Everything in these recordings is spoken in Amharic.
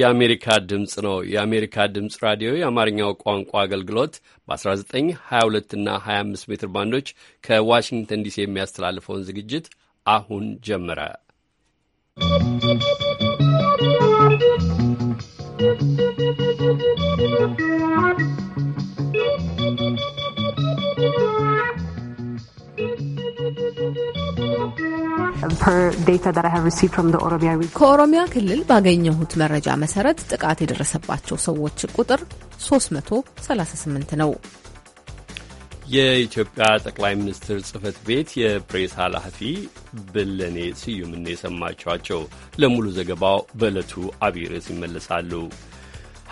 የአሜሪካ ድምፅ ነው። የአሜሪካ ድምፅ ራዲዮ የአማርኛው ቋንቋ አገልግሎት በ1922 እና 25 ሜትር ባንዶች ከዋሽንግተን ዲሲ የሚያስተላልፈውን ዝግጅት አሁን ጀመረ። ¶¶ ከኦሮሚያ ክልል ባገኘሁት መረጃ መሰረት ጥቃት የደረሰባቸው ሰዎች ቁጥር 338 ነው። የኢትዮጵያ ጠቅላይ ሚኒስትር ጽህፈት ቤት የፕሬስ ኃላፊ ብለኔ ስዩምን የሰማችኋቸው። ለሙሉ ዘገባው በዕለቱ አብይ ርዕስ ይመለሳሉ።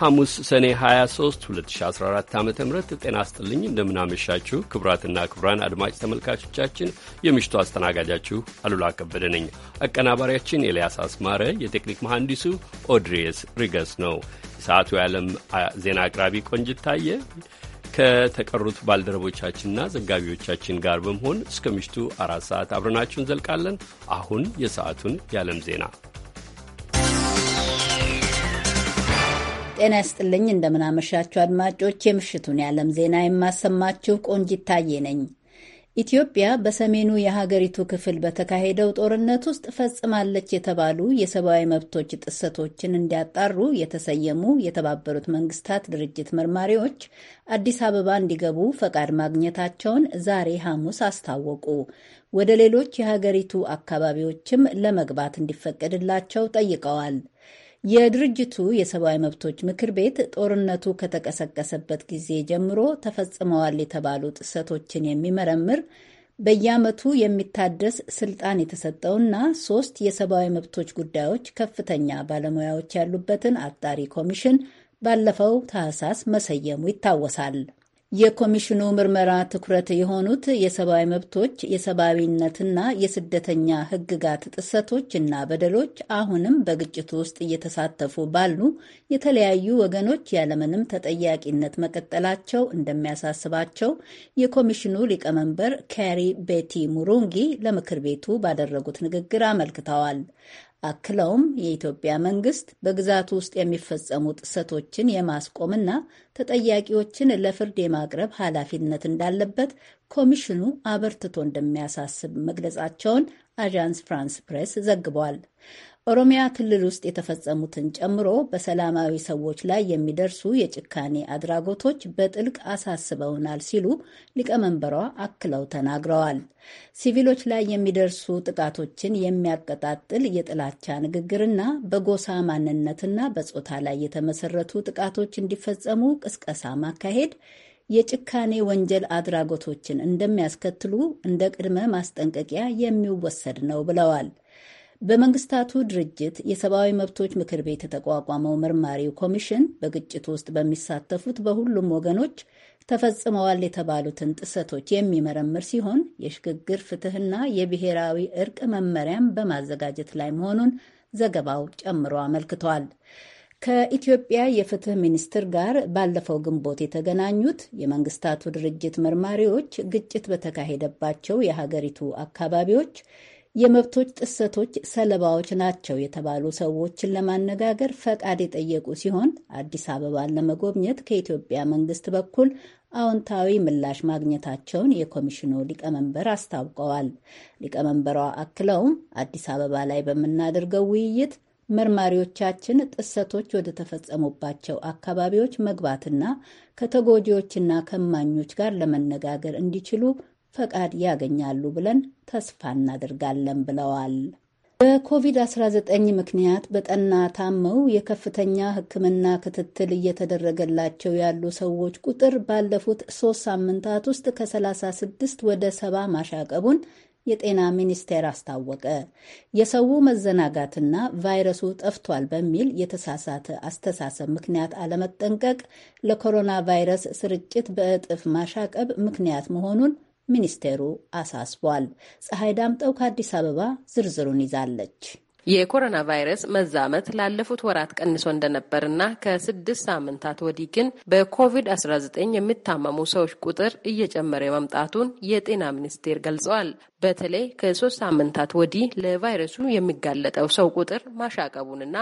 ሐሙስ ሰኔ 23 2014 ዓ ም ጤና ስጥልኝ እንደምናመሻችሁ ክቡራትና ክቡራን አድማጭ ተመልካቾቻችን የምሽቱ አስተናጋጃችሁ አሉላ ከበደ ነኝ። አቀናባሪያችን ኤልያስ አስማረ፣ የቴክኒክ መሐንዲሱ ኦድሬስ ሪገስ ነው። የሰዓቱ የዓለም ዜና አቅራቢ ቆንጅት ታየ ከተቀሩት ባልደረቦቻችንና ዘጋቢዎቻችን ጋር በመሆን እስከ ምሽቱ አራት ሰዓት አብረናችሁን ዘልቃለን። አሁን የሰዓቱን የዓለም ዜና ጤና ይስጥልኝ። እንደምናመሻችሁ አድማጮች፣ የምሽቱን የዓለም ዜና የማሰማችሁ ቆንጂት ታዬ ነኝ። ኢትዮጵያ በሰሜኑ የሀገሪቱ ክፍል በተካሄደው ጦርነት ውስጥ ፈጽማለች የተባሉ የሰብአዊ መብቶች ጥሰቶችን እንዲያጣሩ የተሰየሙ የተባበሩት መንግስታት ድርጅት መርማሪዎች አዲስ አበባ እንዲገቡ ፈቃድ ማግኘታቸውን ዛሬ ሐሙስ አስታወቁ። ወደ ሌሎች የሀገሪቱ አካባቢዎችም ለመግባት እንዲፈቀድላቸው ጠይቀዋል። የድርጅቱ የሰብአዊ መብቶች ምክር ቤት ጦርነቱ ከተቀሰቀሰበት ጊዜ ጀምሮ ተፈጽመዋል የተባሉ ጥሰቶችን የሚመረምር በየዓመቱ የሚታደስ ስልጣን የተሰጠውና ሶስት የሰብአዊ መብቶች ጉዳዮች ከፍተኛ ባለሙያዎች ያሉበትን አጣሪ ኮሚሽን ባለፈው ታህሳስ መሰየሙ ይታወሳል። የኮሚሽኑ ምርመራ ትኩረት የሆኑት የሰብአዊ መብቶች የሰብአዊነትና የስደተኛ ሕግጋት ጥሰቶች እና በደሎች አሁንም በግጭቱ ውስጥ እየተሳተፉ ባሉ የተለያዩ ወገኖች ያለምንም ተጠያቂነት መቀጠላቸው እንደሚያሳስባቸው የኮሚሽኑ ሊቀመንበር ካሪ ቤቲ ሙሩንጊ ለምክር ቤቱ ባደረጉት ንግግር አመልክተዋል። አክለውም የኢትዮጵያ መንግስት በግዛቱ ውስጥ የሚፈጸሙ ጥሰቶችን የማስቆምና ተጠያቂዎችን ለፍርድ የማቅረብ ኃላፊነት እንዳለበት ኮሚሽኑ አበርትቶ እንደሚያሳስብ መግለጻቸውን አዣንስ ፍራንስ ፕሬስ ዘግቧል። ኦሮሚያ ክልል ውስጥ የተፈጸሙትን ጨምሮ በሰላማዊ ሰዎች ላይ የሚደርሱ የጭካኔ አድራጎቶች በጥልቅ አሳስበውናል ሲሉ ሊቀመንበሯ አክለው ተናግረዋል። ሲቪሎች ላይ የሚደርሱ ጥቃቶችን የሚያቀጣጥል የጥላቻ ንግግርና በጎሳ ማንነትና በጾታ ላይ የተመሰረቱ ጥቃቶች እንዲፈጸሙ ቅስቀሳ ማካሄድ የጭካኔ ወንጀል አድራጎቶችን እንደሚያስከትሉ እንደ ቅድመ ማስጠንቀቂያ የሚወሰድ ነው ብለዋል። በመንግስታቱ ድርጅት የሰብአዊ መብቶች ምክር ቤት የተቋቋመው መርማሪው ኮሚሽን በግጭት ውስጥ በሚሳተፉት በሁሉም ወገኖች ተፈጽመዋል የተባሉትን ጥሰቶች የሚመረምር ሲሆን የሽግግር ፍትህና የብሔራዊ እርቅ መመሪያም በማዘጋጀት ላይ መሆኑን ዘገባው ጨምሮ አመልክቷል። ከኢትዮጵያ የፍትህ ሚኒስትር ጋር ባለፈው ግንቦት የተገናኙት የመንግስታቱ ድርጅት መርማሪዎች ግጭት በተካሄደባቸው የሀገሪቱ አካባቢዎች የመብቶች ጥሰቶች ሰለባዎች ናቸው የተባሉ ሰዎችን ለማነጋገር ፈቃድ የጠየቁ ሲሆን አዲስ አበባን ለመጎብኘት ከኢትዮጵያ መንግስት በኩል አዎንታዊ ምላሽ ማግኘታቸውን የኮሚሽኑ ሊቀመንበር አስታውቀዋል። ሊቀመንበሯ አክለውም አዲስ አበባ ላይ በምናደርገው ውይይት መርማሪዎቻችን ጥሰቶች ወደ ተፈጸሙባቸው አካባቢዎች መግባትና ከተጎጂዎችና ከማኞች ጋር ለመነጋገር እንዲችሉ ፈቃድ ያገኛሉ ብለን ተስፋ እናደርጋለን ብለዋል። በኮቪድ-19 ምክንያት በጠና ታመው የከፍተኛ ሕክምና ክትትል እየተደረገላቸው ያሉ ሰዎች ቁጥር ባለፉት ሶስት ሳምንታት ውስጥ ከ36 ወደ ሰባ ማሻቀቡን የጤና ሚኒስቴር አስታወቀ። የሰው መዘናጋትና ቫይረሱ ጠፍቷል በሚል የተሳሳተ አስተሳሰብ ምክንያት አለመጠንቀቅ ለኮሮና ቫይረስ ስርጭት በእጥፍ ማሻቀብ ምክንያት መሆኑን ሚኒስቴሩ አሳስቧል። ፀሐይ ዳምጠው ከአዲስ አበባ ዝርዝሩን ይዛለች። የኮሮና ቫይረስ መዛመት ላለፉት ወራት ቀንሶ እንደነበርና ከስድስት ሳምንታት ወዲህ ግን በኮቪድ-19 የሚታመሙ ሰዎች ቁጥር እየጨመረ መምጣቱን የጤና ሚኒስቴር ገልጸዋል። በተለይ ከሶስት ሳምንታት ወዲህ ለቫይረሱ የሚጋለጠው ሰው ቁጥር ማሻቀቡንና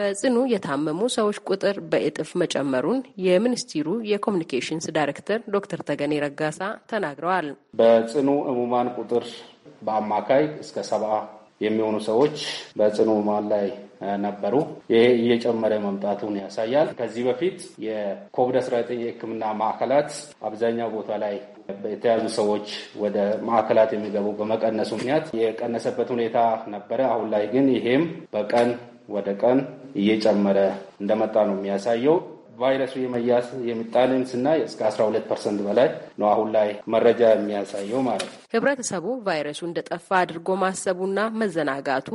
በጽኑ የታመሙ ሰዎች ቁጥር በእጥፍ መጨመሩን የሚኒስቴሩ የኮሚኒኬሽንስ ዳይሬክተር ዶክተር ተገኔ ረጋሳ ተናግረዋል። በጽኑ ህሙማን ቁጥር በአማካይ እስከ ሰብአ የሚሆኑ ሰዎች በጽኑ ማል ላይ ነበሩ። ይሄ እየጨመረ መምጣቱን ያሳያል። ከዚህ በፊት የኮቪድ-19 የሕክምና ማዕከላት አብዛኛው ቦታ ላይ የተያዙ ሰዎች ወደ ማዕከላት የሚገቡ በመቀነሱ ምክንያት የቀነሰበት ሁኔታ ነበረ። አሁን ላይ ግን ይሄም በቀን ወደ ቀን እየጨመረ እንደመጣ ነው የሚያሳየው። ቫይረሱ የመያዝ የሚጣልን ስናይ እስከ 12 ፐርሰንት በላይ ነው አሁን ላይ መረጃ የሚያሳየው ማለት ነው። ህብረተሰቡ ቫይረሱ እንደጠፋ አድርጎ ማሰቡና መዘናጋቱ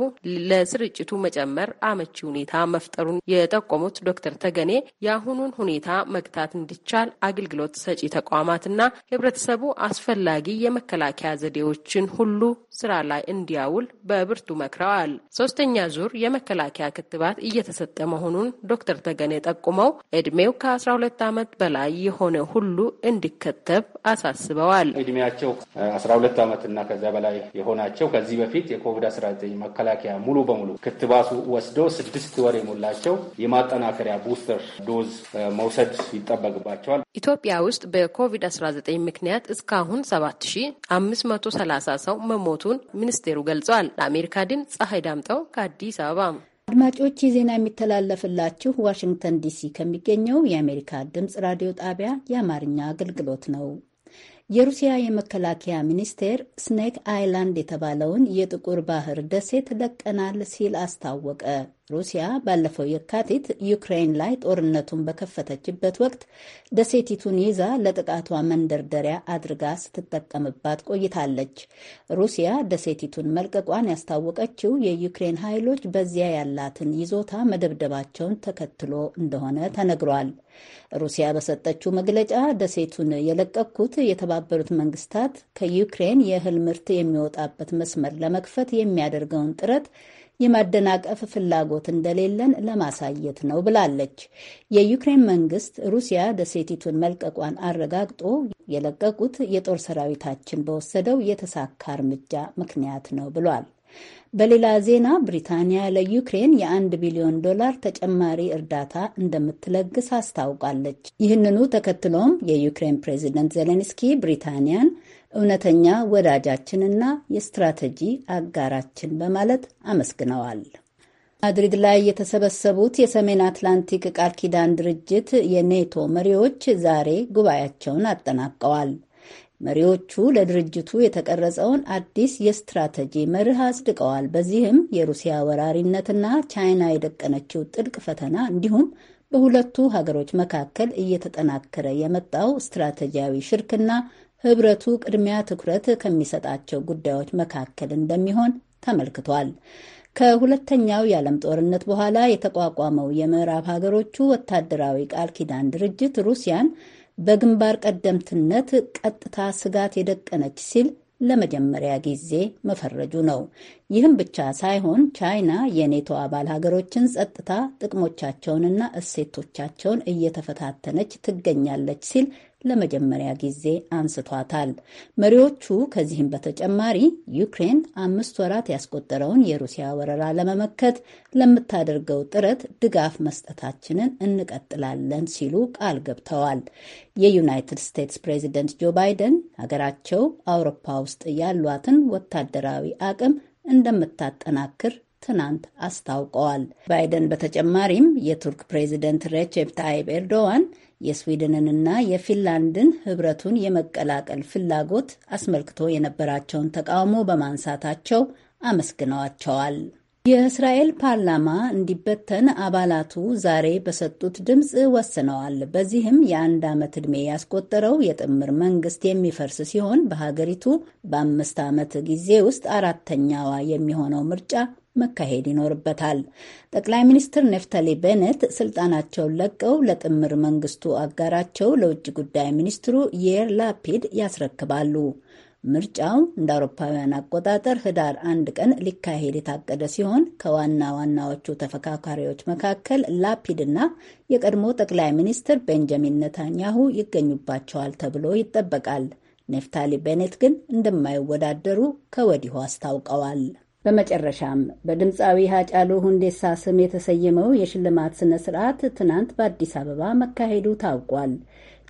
ለስርጭቱ መጨመር አመቺ ሁኔታ መፍጠሩን የጠቆሙት ዶክተር ተገኔ የአሁኑን ሁኔታ መግታት እንዲቻል አገልግሎት ሰጪ ተቋማትና ህብረተሰቡ አስፈላጊ የመከላከያ ዘዴዎችን ሁሉ ስራ ላይ እንዲያውል በብርቱ መክረዋል። ሶስተኛ ዙር የመከላከያ ክትባት እየተሰጠ መሆኑን ዶክተር ተገኔ ጠቁመው እድሜው ከ12 ዓመት በላይ የሆነ ሁሉ እንዲከተብ አሳስበዋል። እድሜያቸው ሁለት ዓመትና ከዚያ በላይ የሆናቸው ከዚህ በፊት የኮቪድ-19 መከላከያ ሙሉ በሙሉ ክትባቱ ወስዶ ስድስት ወር የሞላቸው የማጠናከሪያ ቡስተር ዶዝ መውሰድ ይጠበቅባቸዋል። ኢትዮጵያ ውስጥ በኮቪድ-19 ምክንያት እስካሁን 7530 ሰው መሞቱን ሚኒስቴሩ ገልጿል። ለአሜሪካ ድምፅ ፀሐይ ዳምጠው ከአዲስ አበባ። አድማጮች የዜና የሚተላለፍላችሁ ዋሽንግተን ዲሲ ከሚገኘው የአሜሪካ ድምፅ ራዲዮ ጣቢያ የአማርኛ አገልግሎት ነው። የሩሲያ የመከላከያ ሚኒስቴር ስኔክ አይላንድ የተባለውን የጥቁር ባህር ደሴት ለቀናል ሲል አስታወቀ። ሩሲያ ባለፈው የካቲት ዩክሬን ላይ ጦርነቱን በከፈተችበት ወቅት ደሴቲቱን ይዛ ለጥቃቷ መንደርደሪያ አድርጋ ስትጠቀምባት ቆይታለች። ሩሲያ ደሴቲቱን መልቀቋን ያስታወቀችው የዩክሬን ኃይሎች በዚያ ያላትን ይዞታ መደብደባቸውን ተከትሎ እንደሆነ ተነግሯል። ሩሲያ በሰጠችው መግለጫ ደሴቱን የለቀኩት የተባበሩት መንግስታት ከዩክሬን የእህል ምርት የሚወጣበት መስመር ለመክፈት የሚያደርገውን ጥረት የማደናቀፍ ፍላጎት እንደሌለን ለማሳየት ነው ብላለች። የዩክሬን መንግስት ሩሲያ ደሴቲቱን መልቀቋን አረጋግጦ የለቀቁት የጦር ሰራዊታችን በወሰደው የተሳካ እርምጃ ምክንያት ነው ብሏል። በሌላ ዜና ብሪታንያ ለዩክሬን የአንድ ቢሊዮን ዶላር ተጨማሪ እርዳታ እንደምትለግስ አስታውቃለች። ይህንኑ ተከትሎም የዩክሬን ፕሬዚደንት ዜሌንስኪ ብሪታንያን እውነተኛ ወዳጃችንና የስትራቴጂ አጋራችን በማለት አመስግነዋል። ማድሪድ ላይ የተሰበሰቡት የሰሜን አትላንቲክ ቃል ኪዳን ድርጅት የኔቶ መሪዎች ዛሬ ጉባኤያቸውን አጠናቀዋል። መሪዎቹ ለድርጅቱ የተቀረጸውን አዲስ የስትራቴጂ መርህ አጽድቀዋል። በዚህም የሩሲያ ወራሪነትና ቻይና የደቀነችው ጥልቅ ፈተና እንዲሁም በሁለቱ ሀገሮች መካከል እየተጠናከረ የመጣው ስትራቴጂያዊ ሽርክና ህብረቱ ቅድሚያ ትኩረት ከሚሰጣቸው ጉዳዮች መካከል እንደሚሆን ተመልክቷል። ከሁለተኛው የዓለም ጦርነት በኋላ የተቋቋመው የምዕራብ ሀገሮቹ ወታደራዊ ቃል ኪዳን ድርጅት ሩሲያን በግንባር ቀደምትነት ቀጥታ ስጋት የደቀነች ሲል ለመጀመሪያ ጊዜ መፈረጁ ነው። ይህም ብቻ ሳይሆን ቻይና የኔቶ አባል ሀገሮችን ጸጥታ ጥቅሞቻቸውንና እሴቶቻቸውን እየተፈታተነች ትገኛለች ሲል ለመጀመሪያ ጊዜ አንስቷታል። መሪዎቹ ከዚህም በተጨማሪ ዩክሬን አምስት ወራት ያስቆጠረውን የሩሲያ ወረራ ለመመከት ለምታደርገው ጥረት ድጋፍ መስጠታችንን እንቀጥላለን ሲሉ ቃል ገብተዋል። የዩናይትድ ስቴትስ ፕሬዚደንት ጆ ባይደን ሀገራቸው አውሮፓ ውስጥ ያሏትን ወታደራዊ አቅም እንደምታጠናክር ትናንት አስታውቀዋል። ባይደን በተጨማሪም የቱርክ ፕሬዚደንት ሬቼፕ ታይብ ኤርዶዋን የስዊድንንና የፊንላንድን ህብረቱን የመቀላቀል ፍላጎት አስመልክቶ የነበራቸውን ተቃውሞ በማንሳታቸው አመስግነዋቸዋል። የእስራኤል ፓርላማ እንዲበተን አባላቱ ዛሬ በሰጡት ድምፅ ወስነዋል። በዚህም የአንድ ዓመት ዕድሜ ያስቆጠረው የጥምር መንግስት የሚፈርስ ሲሆን በሀገሪቱ በአምስት ዓመት ጊዜ ውስጥ አራተኛዋ የሚሆነው ምርጫ መካሄድ ይኖርበታል። ጠቅላይ ሚኒስትር ነፍታሊ ቤኔት ስልጣናቸውን ለቀው ለጥምር መንግስቱ አጋራቸው ለውጭ ጉዳይ ሚኒስትሩ የር ላፒድ ያስረክባሉ። ምርጫው እንደ አውሮፓውያን አቆጣጠር ህዳር አንድ ቀን ሊካሄድ የታቀደ ሲሆን ከዋና ዋናዎቹ ተፈካካሪዎች መካከል ላፒድና የቀድሞ ጠቅላይ ሚኒስትር ቤንጃሚን ነታንያሁ ይገኙባቸዋል ተብሎ ይጠበቃል። ኔፍታሊ ቤኔት ግን እንደማይወዳደሩ ከወዲሁ አስታውቀዋል። በመጨረሻም በድምፃዊ ሀጫሉ ሁንዴሳ ስም የተሰየመው የሽልማት ስነ ስርዓት ትናንት በአዲስ አበባ መካሄዱ ታውቋል።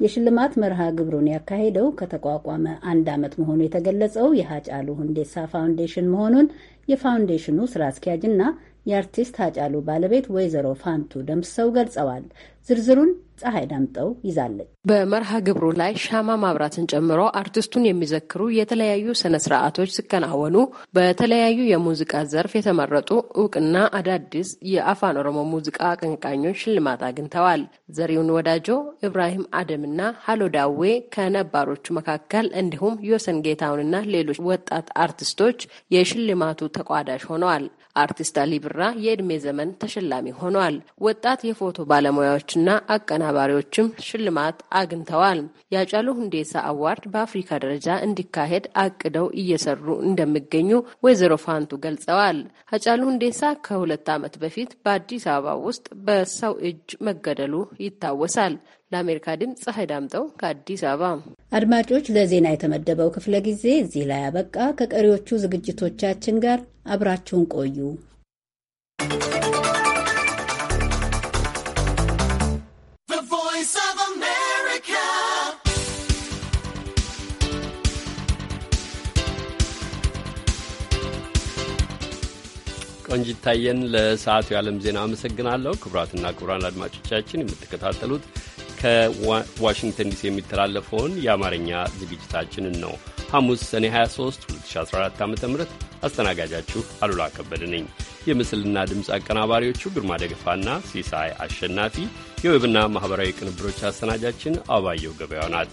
የሽልማት መርሃ ግብሩን ያካሄደው ከተቋቋመ አንድ ዓመት መሆኑ የተገለጸው የሀጫሉ ሁንዴሳ ፋውንዴሽን መሆኑን የፋውንዴሽኑ ስራ አስኪያጅና የአርቲስት ሀጫሉ ባለቤት ወይዘሮ ፋንቱ ደምሰው ገልጸዋል። ዝርዝሩን ፀሐይ ዳምጠው ይዛለች። በመርሃ ግብሩ ላይ ሻማ ማብራትን ጨምሮ አርቲስቱን የሚዘክሩ የተለያዩ ስነ ስርዓቶች ሲከናወኑ በተለያዩ የሙዚቃ ዘርፍ የተመረጡ እውቅና አዳዲስ የአፋን ኦሮሞ ሙዚቃ አቀንቃኞች ሽልማት አግኝተዋል። ዘሪውን ወዳጆ፣ ኢብራሂም አደምና ሀሎ ዳዌ ከነባሮቹ መካከል እንዲሁም ዮሰን ጌታውንና ሌሎች ወጣት አርቲስቶች የሽልማቱ ተቋዳሽ ሆነዋል። አርቲስት አሊ ብራ የእድሜ ዘመን ተሸላሚ ሆኗል። ወጣት የፎቶ ባለሙያዎችና አቀናባሪዎችም ሽልማት አግኝተዋል። የአጫሉ ሁንዴሳ አዋርድ በአፍሪካ ደረጃ እንዲካሄድ አቅደው እየሰሩ እንደሚገኙ ወይዘሮ ፋንቱ ገልጸዋል። አጫሉ ሁንዴሳ ከሁለት ዓመት በፊት በአዲስ አበባ ውስጥ በሰው እጅ መገደሉ ይታወሳል። ለአሜሪካ ድምፅ ፀሐይ ዳምጠው ከአዲስ አበባ። አድማጮች፣ ለዜና የተመደበው ክፍለ ጊዜ እዚህ ላይ አበቃ። ከቀሪዎቹ ዝግጅቶቻችን ጋር አብራችሁን ቆዩ። ቆንጅታየን ለሰዓቱ የዓለም ዜና አመሰግናለሁ። ክቡራትና ክቡራን አድማጮቻችን የምትከታተሉት ከዋሽንግተን ዲሲ የሚተላለፈውን የአማርኛ ዝግጅታችንን ነው። ሐሙስ ሰኔ 23 2014 ዓ ም አስተናጋጃችሁ አሉላ ከበደ ነኝ። የምስልና ድምፅ አቀናባሪዎቹ ግርማ ደገፋና ሲሳይ አሸናፊ፣ የዌብና ማኅበራዊ ቅንብሮች አሰናጃችን አባየው ገበያው ናት።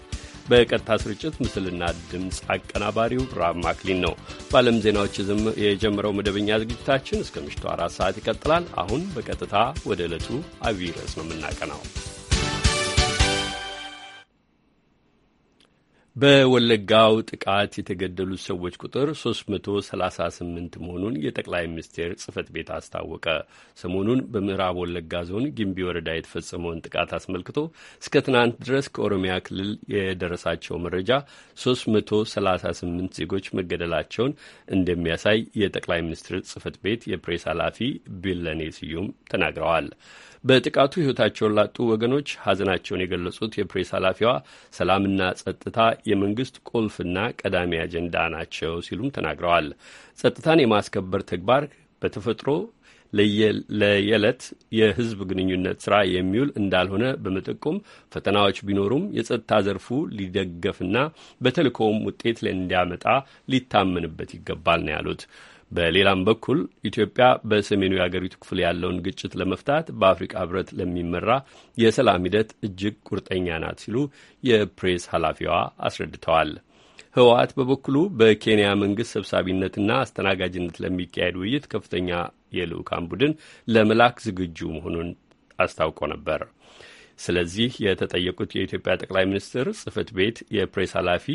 በቀጥታ ስርጭት ምስልና ድምፅ አቀናባሪው ራብ ማክሊን ነው። በዓለም ዜናዎች የጀመረው መደበኛ ዝግጅታችን እስከ ምሽቱ አራት ሰዓት ይቀጥላል። አሁን በቀጥታ ወደ ዕለቱ አብይ ርዕስ ነው የምናቀናው። በወለጋው ጥቃት የተገደሉት ሰዎች ቁጥር 338 መሆኑን የጠቅላይ ሚኒስቴር ጽህፈት ቤት አስታወቀ። ሰሞኑን በምዕራብ ወለጋ ዞን ጊምቢ ወረዳ የተፈጸመውን ጥቃት አስመልክቶ እስከ ትናንት ድረስ ከኦሮሚያ ክልል የደረሳቸው መረጃ 338 ዜጎች መገደላቸውን እንደሚያሳይ የጠቅላይ ሚኒስትር ጽህፈት ቤት የፕሬስ ኃላፊ ቢለኔ ስዩም ተናግረዋል። በጥቃቱ ሕይወታቸውን ላጡ ወገኖች ሐዘናቸውን የገለጹት የፕሬስ ኃላፊዋ ሰላምና ጸጥታ የመንግስት ቁልፍና ቀዳሚ አጀንዳ ናቸው ሲሉም ተናግረዋል። ጸጥታን የማስከበር ተግባር በተፈጥሮ ለየዕለት የህዝብ ግንኙነት ስራ የሚውል እንዳልሆነ በመጠቆም ፈተናዎች ቢኖሩም የጸጥታ ዘርፉ ሊደገፍና በተልእኮውም ውጤት እንዲያመጣ ሊታመንበት ይገባል ነው ያሉት። በሌላም በኩል ኢትዮጵያ በሰሜኑ የአገሪቱ ክፍል ያለውን ግጭት ለመፍታት በአፍሪካ ህብረት ለሚመራ የሰላም ሂደት እጅግ ቁርጠኛ ናት ሲሉ የፕሬስ ኃላፊዋ አስረድተዋል። ህወሓት በበኩሉ በኬንያ መንግስት ሰብሳቢነትና አስተናጋጅነት ለሚካሄድ ውይይት ከፍተኛ የልዑካን ቡድን ለመላክ ዝግጁ መሆኑን አስታውቆ ነበር። ስለዚህ የተጠየቁት የኢትዮጵያ ጠቅላይ ሚኒስትር ጽህፈት ቤት የፕሬስ ኃላፊ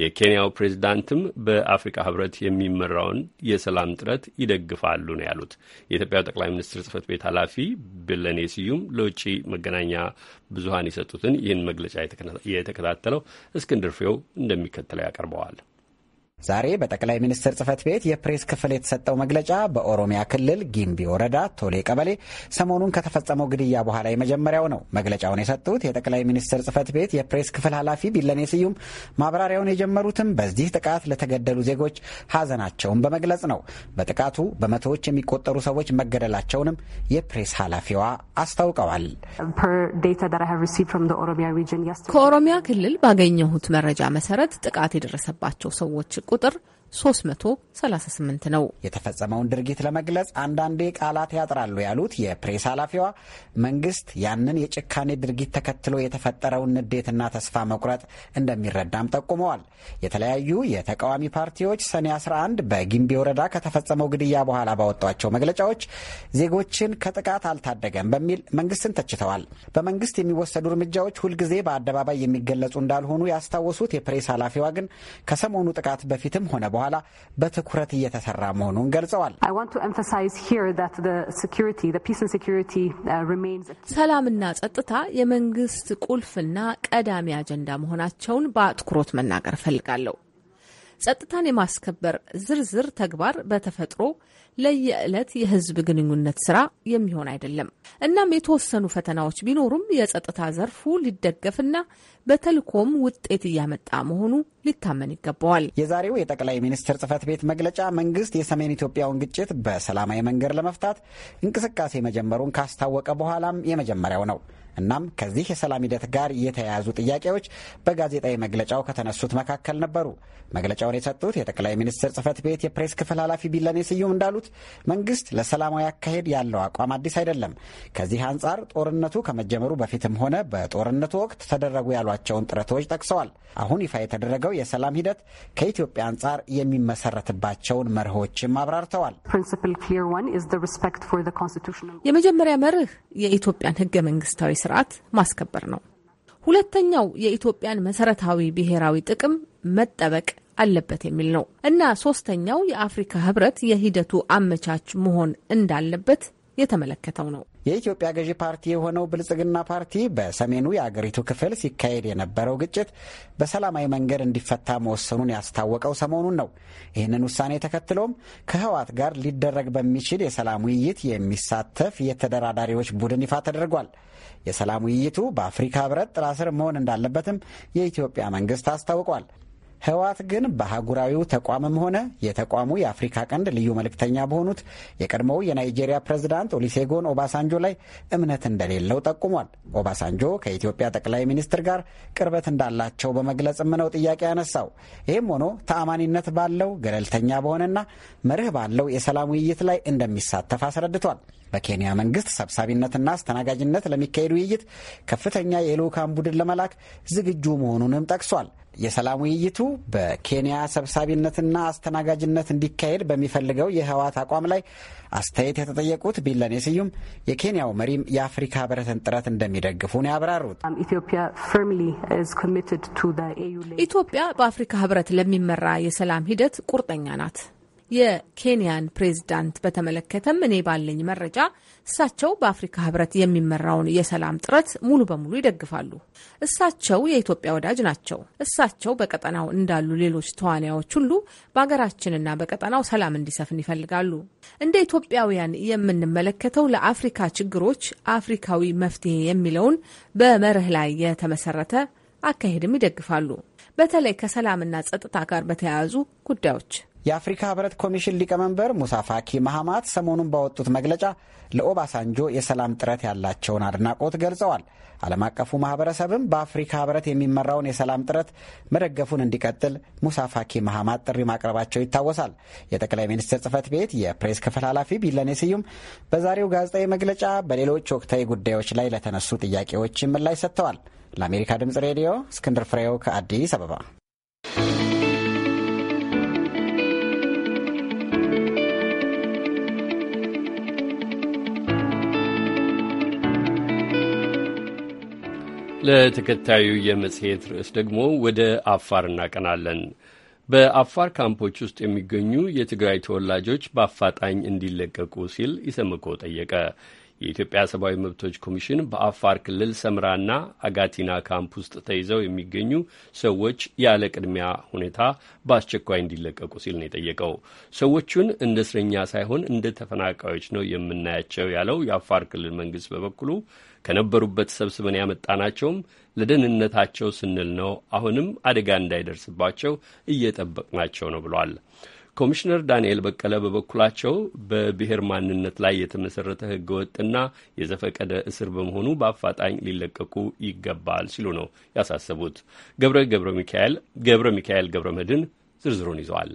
የኬንያው ፕሬዚዳንትም በአፍሪካ ህብረት የሚመራውን የሰላም ጥረት ይደግፋሉ ነው ያሉት። የኢትዮጵያው ጠቅላይ ሚኒስትር ጽህፈት ቤት ኃላፊ ብለኔ ስዩም ለውጭ መገናኛ ብዙሀን የሰጡትን ይህን መግለጫ የተከታተለው እስክንድር ፍሬው እንደሚከተለው ያቀርበዋል። ዛሬ በጠቅላይ ሚኒስትር ጽህፈት ቤት የፕሬስ ክፍል የተሰጠው መግለጫ በኦሮሚያ ክልል ጊምቢ ወረዳ ቶሌ ቀበሌ ሰሞኑን ከተፈጸመው ግድያ በኋላ የመጀመሪያው ነው። መግለጫውን የሰጡት የጠቅላይ ሚኒስትር ጽህፈት ቤት የፕሬስ ክፍል ኃላፊ ቢለኔ ስዩም ማብራሪያውን የጀመሩትም በዚህ ጥቃት ለተገደሉ ዜጎች ሀዘናቸውን በመግለጽ ነው። በጥቃቱ በመቶዎች የሚቆጠሩ ሰዎች መገደላቸውንም የፕሬስ ኃላፊዋ አስታውቀዋል። ከኦሮሚያ ክልል ባገኘሁት መረጃ መሰረት ጥቃት የደረሰባቸው ሰዎች ቁጥር 338 ነው። የተፈጸመውን ድርጊት ለመግለጽ አንዳንዴ ቃላት ያጥራሉ ያሉት የፕሬስ ኃላፊዋ መንግስት ያንን የጭካኔ ድርጊት ተከትሎ የተፈጠረውን ንዴትና ተስፋ መቁረጥ እንደሚረዳም ጠቁመዋል። የተለያዩ የተቃዋሚ ፓርቲዎች ሰኔ 11 በጊምቢ ወረዳ ከተፈጸመው ግድያ በኋላ ባወጧቸው መግለጫዎች ዜጎችን ከጥቃት አልታደገም በሚል መንግስትን ተችተዋል። በመንግስት የሚወሰዱ እርምጃዎች ሁልጊዜ በአደባባይ የሚገለጹ እንዳልሆኑ ያስታወሱት የፕሬስ ኃላፊዋ ግን ከሰሞኑ ጥቃት በፊትም ሆነ በኋላ በትኩረት እየተሰራ መሆኑን ገልጸዋል። uh, ሰላምና ጸጥታ የመንግስት ቁልፍና ቀዳሚ አጀንዳ መሆናቸውን በአትኩሮት መናገር እፈልጋለሁ። ጸጥታን የማስከበር ዝርዝር ተግባር በተፈጥሮ ለየዕለት የህዝብ ግንኙነት ስራ የሚሆን አይደለም። እናም የተወሰኑ ፈተናዎች ቢኖሩም የጸጥታ ዘርፉ ሊደገፍና በተልኮም ውጤት እያመጣ መሆኑ ሊታመን ይገባዋል። የዛሬው የጠቅላይ ሚኒስትር ጽህፈት ቤት መግለጫ መንግስት የሰሜን ኢትዮጵያውን ግጭት በሰላማዊ መንገድ ለመፍታት እንቅስቃሴ መጀመሩን ካስታወቀ በኋላም የመጀመሪያው ነው። እናም ከዚህ የሰላም ሂደት ጋር የተያያዙ ጥያቄዎች በጋዜጣዊ መግለጫው ከተነሱት መካከል ነበሩ። መግለጫውን የሰጡት የጠቅላይ ሚኒስትር ጽህፈት ቤት የፕሬስ ክፍል ኃላፊ ቢለኔ ስዩም እንዳሉት መንግስት ለሰላማዊ አካሄድ ያለው አቋም አዲስ አይደለም። ከዚህ አንጻር ጦርነቱ ከመጀመሩ በፊትም ሆነ በጦርነቱ ወቅት ተደረጉ ያሏቸውን ጥረቶች ጠቅሰዋል። አሁን ይፋ የተደረገው የሰላም ሂደት ከኢትዮጵያ አንጻር የሚመሰረትባቸውን መርሆችም አብራርተዋል። የመጀመሪያ መርህ የኢትዮጵያን ህገ መንግስታዊ ስርዓት ማስከበር ነው። ሁለተኛው የኢትዮጵያን መሰረታዊ ብሔራዊ ጥቅም መጠበቅ አለበት የሚል ነው እና ሶስተኛው የአፍሪካ ህብረት የሂደቱ አመቻች መሆን እንዳለበት የተመለከተው ነው። የኢትዮጵያ ገዢ ፓርቲ የሆነው ብልጽግና ፓርቲ በሰሜኑ የአገሪቱ ክፍል ሲካሄድ የነበረው ግጭት በሰላማዊ መንገድ እንዲፈታ መወሰኑን ያስታወቀው ሰሞኑን ነው። ይህንን ውሳኔ ተከትሎም ከህወሓት ጋር ሊደረግ በሚችል የሰላም ውይይት የሚሳተፍ የተደራዳሪዎች ቡድን ይፋ ተደርጓል። የሰላም ውይይቱ በአፍሪካ ህብረት ጥላ ስር መሆን እንዳለበትም የኢትዮጵያ መንግስት አስታውቋል። ህወሓት ግን በአህጉራዊው ተቋምም ሆነ የተቋሙ የአፍሪካ ቀንድ ልዩ መልእክተኛ በሆኑት የቀድሞው የናይጄሪያ ፕሬዝዳንት ኦሊሴጎን ኦባሳንጆ ላይ እምነት እንደሌለው ጠቁሟል። ኦባሳንጆ ከኢትዮጵያ ጠቅላይ ሚኒስትር ጋር ቅርበት እንዳላቸው በመግለጽም ነው ጥያቄ ያነሳው። ይህም ሆኖ ተአማኒነት ባለው ገለልተኛ በሆነና መርህ ባለው የሰላም ውይይት ላይ እንደሚሳተፍ አስረድቷል። በኬንያ መንግስት ሰብሳቢነትና አስተናጋጅነት ለሚካሄድ ውይይት ከፍተኛ የልዑካን ቡድን ለመላክ ዝግጁ መሆኑንም ጠቅሷል። የሰላም ውይይቱ በኬንያ ሰብሳቢነትና አስተናጋጅነት እንዲካሄድ በሚፈልገው የህወሓት አቋም ላይ አስተያየት የተጠየቁት ቢለኔ ስዩም የኬንያው መሪም የአፍሪካ ህብረትን ጥረት እንደሚደግፉ ነው ያብራሩት። um, ኢትዮጵያ በአፍሪካ ህብረት ለሚመራ የሰላም ሂደት ቁርጠኛ ናት። የኬንያን ፕሬዝዳንት በተመለከተም እኔ ባለኝ መረጃ እሳቸው በአፍሪካ ህብረት የሚመራውን የሰላም ጥረት ሙሉ በሙሉ ይደግፋሉ። እሳቸው የኢትዮጵያ ወዳጅ ናቸው። እሳቸው በቀጠናው እንዳሉ ሌሎች ተዋናዮች ሁሉ በሀገራችንና በቀጠናው ሰላም እንዲሰፍን ይፈልጋሉ። እንደ ኢትዮጵያውያን የምንመለከተው ለአፍሪካ ችግሮች አፍሪካዊ መፍትሄ የሚለውን በመርህ ላይ የተመሰረተ አካሄድም ይደግፋሉ። በተለይ ከሰላምና ጸጥታ ጋር በተያያዙ ጉዳዮች የአፍሪካ ህብረት ኮሚሽን ሊቀመንበር ሙሳ ፋኪ መሐማት ሰሞኑን ባወጡት መግለጫ ለኦባሳንጆ የሰላም ጥረት ያላቸውን አድናቆት ገልጸዋል። ዓለም አቀፉ ማህበረሰብም በአፍሪካ ህብረት የሚመራውን የሰላም ጥረት መደገፉን እንዲቀጥል ሙሳ ፋኪ መሐማት ጥሪ ማቅረባቸው ይታወሳል። የጠቅላይ ሚኒስትር ጽህፈት ቤት የፕሬስ ክፍል ኃላፊ ቢለኔ ስዩም በዛሬው ጋዜጣዊ መግለጫ በሌሎች ወቅታዊ ጉዳዮች ላይ ለተነሱ ጥያቄዎች ምላሽ ሰጥተዋል። ለአሜሪካ ድምጽ ሬዲዮ እስክንድር ፍሬው ከአዲስ አበባ ለተከታዩ የመጽሔት ርዕስ ደግሞ ወደ አፋር እናቀናለን። በአፋር ካምፖች ውስጥ የሚገኙ የትግራይ ተወላጆች በአፋጣኝ እንዲለቀቁ ሲል ኢሰመኮ ጠየቀ። የኢትዮጵያ ሰብአዊ መብቶች ኮሚሽን በአፋር ክልል ሰምራና አጋቲና ካምፕ ውስጥ ተይዘው የሚገኙ ሰዎች ያለ ቅድሚያ ሁኔታ በአስቸኳይ እንዲለቀቁ ሲል ነው የጠየቀው። ሰዎቹን እንደ እስረኛ ሳይሆን እንደ ተፈናቃዮች ነው የምናያቸው ያለው የአፋር ክልል መንግስት በበኩሉ ከነበሩበት ሰብስበን ያመጣናቸውም ለደህንነታቸው ስንል ነው። አሁንም አደጋ እንዳይደርስባቸው እየጠበቅናቸው ነው ብሏል። ኮሚሽነር ዳንኤል በቀለ በበኩላቸው በብሔር ማንነት ላይ የተመሰረተ ህገወጥና የዘፈቀደ እስር በመሆኑ በአፋጣኝ ሊለቀቁ ይገባል ሲሉ ነው ያሳሰቡት። ገብረ ገብረ ሚካኤል ገብረ ሚካኤል ገብረ መድን ዝርዝሩን ይዘዋል።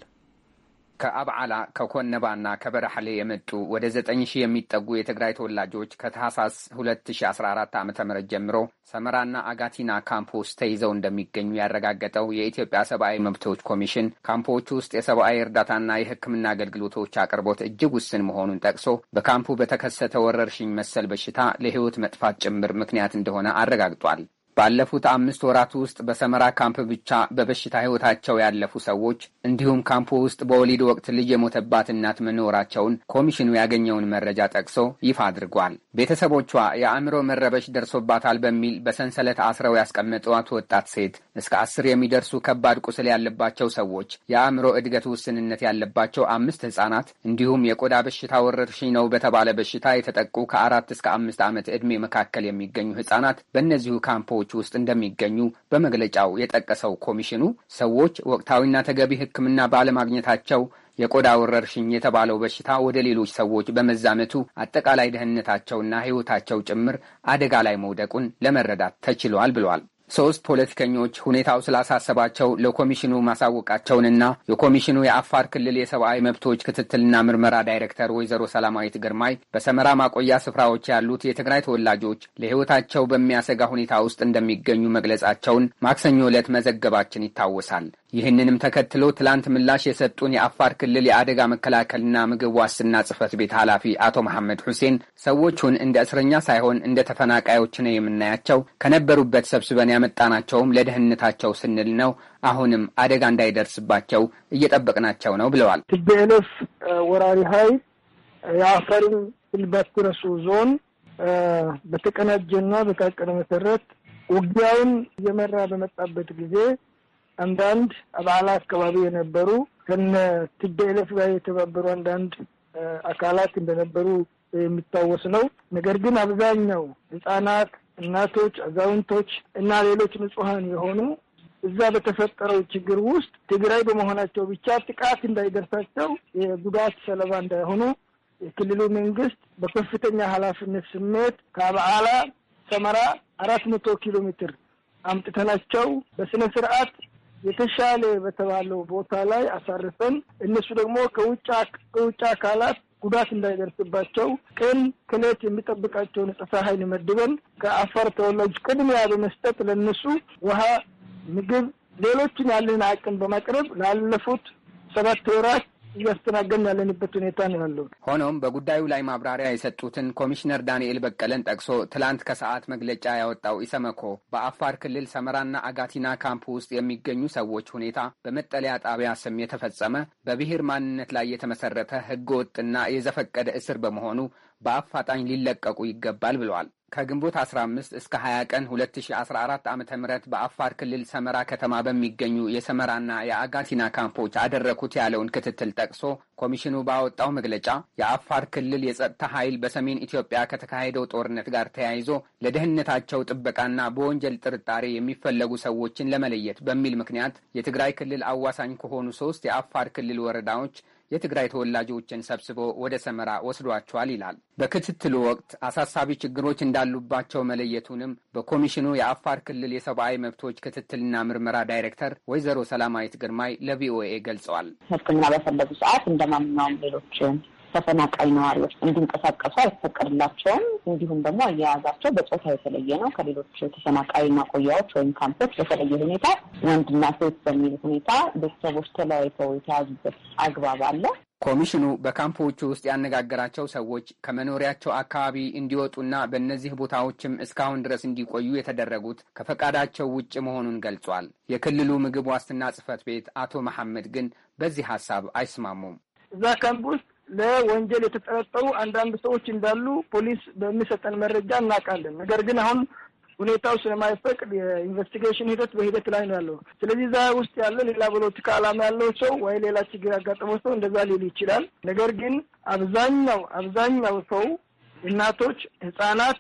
ከአብዓላ ከኮነባና ከበረሐሌ የመጡ ወደ 9000 የሚጠጉ የትግራይ ተወላጆች ከታህሳስ 2014 ዓ ም ጀምሮ ሰመራና አጋቲና ካምፖስ ተይዘው እንደሚገኙ ያረጋገጠው የኢትዮጵያ ሰብአዊ መብቶች ኮሚሽን ካምፖቹ ውስጥ የሰብአዊ እርዳታና የሕክምና አገልግሎቶች አቅርቦት እጅግ ውስን መሆኑን ጠቅሶ በካምፑ በተከሰተ ወረርሽኝ መሰል በሽታ ለሕይወት መጥፋት ጭምር ምክንያት እንደሆነ አረጋግጧል። ባለፉት አምስት ወራት ውስጥ በሰመራ ካምፕ ብቻ በበሽታ ሕይወታቸው ያለፉ ሰዎች እንዲሁም ካምፑ ውስጥ በወሊድ ወቅት ልጅ የሞተባት እናት መኖራቸውን ኮሚሽኑ ያገኘውን መረጃ ጠቅሶ ይፋ አድርጓል። ቤተሰቦቿ የአእምሮ መረበሽ ደርሶባታል በሚል በሰንሰለት አስረው ያስቀመጧት ወጣት ሴት፣ እስከ አስር የሚደርሱ ከባድ ቁስል ያለባቸው ሰዎች፣ የአእምሮ እድገት ውስንነት ያለባቸው አምስት ህጻናት እንዲሁም የቆዳ በሽታ ወረርሽኝ ነው በተባለ በሽታ የተጠቁ ከአራት እስከ አምስት ዓመት ዕድሜ መካከል የሚገኙ ህጻናት በእነዚሁ ካምፖ ችግሮች ውስጥ እንደሚገኙ በመግለጫው የጠቀሰው ኮሚሽኑ ሰዎች ወቅታዊና ተገቢ ሕክምና ባለማግኘታቸው የቆዳ ወረርሽኝ የተባለው በሽታ ወደ ሌሎች ሰዎች በመዛመቱ አጠቃላይ ደህንነታቸውና ሕይወታቸው ጭምር አደጋ ላይ መውደቁን ለመረዳት ተችሏል ብሏል። ሶስት ፖለቲከኞች ሁኔታው ስላሳሰባቸው ለኮሚሽኑ ማሳወቃቸውንና የኮሚሽኑ የአፋር ክልል የሰብአዊ መብቶች ክትትልና ምርመራ ዳይሬክተር ወይዘሮ ሰላማዊት ግርማይ በሰመራ ማቆያ ስፍራዎች ያሉት የትግራይ ተወላጆች ለሕይወታቸው በሚያሰጋ ሁኔታ ውስጥ እንደሚገኙ መግለጻቸውን ማክሰኞ ዕለት መዘገባችን ይታወሳል። ይህንንም ተከትሎ ትላንት ምላሽ የሰጡን የአፋር ክልል የአደጋ መከላከልና ምግብ ዋስትና ጽህፈት ቤት ኃላፊ አቶ መሐመድ ሁሴን ሰዎቹን እንደ እስረኛ ሳይሆን እንደ ተፈናቃዮች ነው የምናያቸው ከነበሩበት ሰብስበን ያመጣናቸውም ለደህንነታቸው ስንል ነው። አሁንም አደጋ እንዳይደርስባቸው እየጠበቅናቸው ነው ብለዋል። ትቤኤልኤፍ ወራሪ ኃይል የአፈርን ኢልባት ኩረሱ ዞን በተቀናጀና በታቀደ መሰረት ውጊያውን እየመራ በመጣበት ጊዜ አንዳንድ አባላ አካባቢ የነበሩ ከነ ትቤኤልኤፍ ጋር የተባበሩ አንዳንድ አካላት እንደነበሩ የሚታወስ ነው። ነገር ግን አብዛኛው ህጻናት እናቶች፣ አዛውንቶች እና ሌሎች ንጹሐን የሆኑ እዛ በተፈጠረው ችግር ውስጥ ትግራይ በመሆናቸው ብቻ ጥቃት እንዳይደርሳቸው የጉዳት ሰለባ እንዳይሆኑ የክልሉ መንግስት በከፍተኛ ኃላፊነት ስሜት ከበዓላ ሰመራ አራት መቶ ኪሎ ሜትር አምጥተናቸው በስነ ስርዓት የተሻለ በተባለው ቦታ ላይ አሳርፈን እነሱ ደግሞ ከውጭ አካላት ጉዳት እንዳይደርስባቸው ቅን ክለት የሚጠብቃቸውን ፀሐይ ኃይል መድበን ከአፋር ተወላጅ ቅድሚያ በመስጠት ለእነሱ ውሃ፣ ምግብ፣ ሌሎችን ያለን አቅም በማቅረብ ላለፉት ሰባት ወራት እያስተናገድን ያለንበት ሁኔታ ነው ያለው። ሆኖም በጉዳዩ ላይ ማብራሪያ የሰጡትን ኮሚሽነር ዳንኤል በቀለን ጠቅሶ ትላንት ከሰዓት መግለጫ ያወጣው ኢሰመኮ በአፋር ክልል ሰመራና አጋቲና ካምፕ ውስጥ የሚገኙ ሰዎች ሁኔታ በመጠለያ ጣቢያ ስም የተፈጸመ በብሔር ማንነት ላይ የተመሰረተ ህገወጥና የዘፈቀደ እስር በመሆኑ በአፋጣኝ ሊለቀቁ ይገባል ብለዋል። ከግንቦት 15 እስከ 20 ቀን 2014 ዓ ም በአፋር ክልል ሰመራ ከተማ በሚገኙ የሰመራና የአጋሲና ካምፖች አደረኩት ያለውን ክትትል ጠቅሶ ኮሚሽኑ ባወጣው መግለጫ የአፋር ክልል የጸጥታ ኃይል በሰሜን ኢትዮጵያ ከተካሄደው ጦርነት ጋር ተያይዞ ለደህንነታቸው ጥበቃና በወንጀል ጥርጣሬ የሚፈለጉ ሰዎችን ለመለየት በሚል ምክንያት የትግራይ ክልል አዋሳኝ ከሆኑ ሶስት የአፋር ክልል ወረዳዎች የትግራይ ተወላጆችን ሰብስቦ ወደ ሰመራ ወስዷቸዋል ይላል። በክትትሉ ወቅት አሳሳቢ ችግሮች እንዳሉባቸው መለየቱንም በኮሚሽኑ የአፋር ክልል የሰብአዊ መብቶች ክትትልና ምርመራ ዳይሬክተር ወይዘሮ ሰላማዊት ግርማይ ለቪኦኤ ገልጸዋል። ሕክምና በፈለጉ ሰዓት እንደማንኛውም ሌሎች ተፈናቃይ ነዋሪዎች እንዲንቀሳቀሱ አይፈቀድላቸውም። እንዲሁም ደግሞ አያያዛቸው በጾታ የተለየ ነው። ከሌሎች ተፈናቃይ ማቆያዎች ወይም ካምፖች በተለየ ሁኔታ ወንድና ሴት በሚል ሁኔታ ቤተሰቦች ተለያይተው የተያዙበት አግባብ አለ። ኮሚሽኑ በካምፖቹ ውስጥ ያነጋገራቸው ሰዎች ከመኖሪያቸው አካባቢ እንዲወጡና በእነዚህ ቦታዎችም እስካሁን ድረስ እንዲቆዩ የተደረጉት ከፈቃዳቸው ውጭ መሆኑን ገልጿል። የክልሉ ምግብ ዋስትና ጽሕፈት ቤት አቶ መሐመድ ግን በዚህ ሀሳብ አይስማሙም። እዛ ካምፕ ውስጥ ለወንጀል የተጠረጠሩ አንዳንድ ሰዎች እንዳሉ ፖሊስ በሚሰጠን መረጃ እናውቃለን። ነገር ግን አሁን ሁኔታው ስለማይፈቅድ የኢንቨስቲጌሽን ሂደት በሂደት ላይ ነው ያለው። ስለዚህ እዛ ውስጥ ያለ ሌላ ፖለቲካ ዓላማ ያለው ሰው ወይ ሌላ ችግር ያጋጠመው ሰው እንደዛ ሊል ይችላል። ነገር ግን አብዛኛው አብዛኛው ሰው እናቶች፣ ህጻናት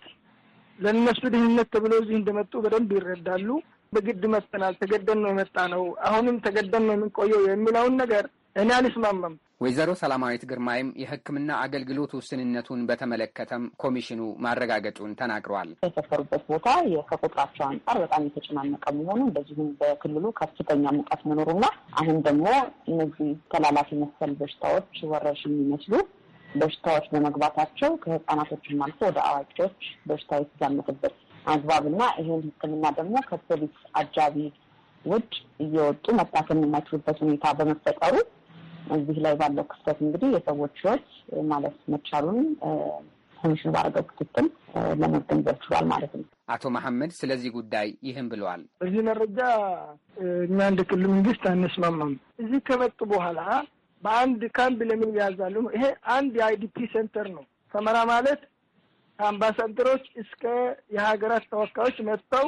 ለእነሱ ድህንነት ተብሎ እዚህ እንደመጡ በደንብ ይረዳሉ። በግድ መጥተናል፣ ተገደን ነው የመጣ ነው፣ አሁንም ተገደን ነው የምንቆየው የሚለውን ነገር እኔ አልስማማም። ወይዘሮ ሰላማዊት ግርማይም የሕክምና አገልግሎት ውስንነቱን በተመለከተም ኮሚሽኑ ማረጋገጡን ተናግረዋል። የሰፈሩበት ቦታ ከቁጥራቸው አንጻር በጣም የተጨናነቀ መሆኑ እንደዚሁም በክልሉ ከፍተኛ ሙቀት መኖሩና አሁን ደግሞ እነዚህ ተላላፊ መሰል በሽታዎች ወረሽ የሚመስሉ በሽታዎች በመግባታቸው ከህጻናቶችም አልፎ ወደ አዋቂዎች በሽታ የተዛመተበት አግባብና ይህን ሕክምና ደግሞ ከፖሊስ አጃቢ ውጭ እየወጡ መታከም የማይችሉበት ሁኔታ በመፈጠሩ እዚህ ላይ ባለው ክስተት እንግዲህ የሰዎች ህይወት ማለት መቻሉን ኮሚሽኑ ባደረገው ክትትል ለመገንዘብ ችሏል ማለት ነው። አቶ መሐመድ ስለዚህ ጉዳይ ይህም ብለዋል። በዚህ መረጃ እኛ እንደ ክልል መንግስት አንስማማም። እዚህ ከመጡ በኋላ በአንድ ካምፕ ለምን ያዛሉ? ይሄ አንድ የአይዲፒ ሴንተር ነው። ሰመራ ማለት ከአምባሳደሮች እስከ የሀገራት ተወካዮች መጥተው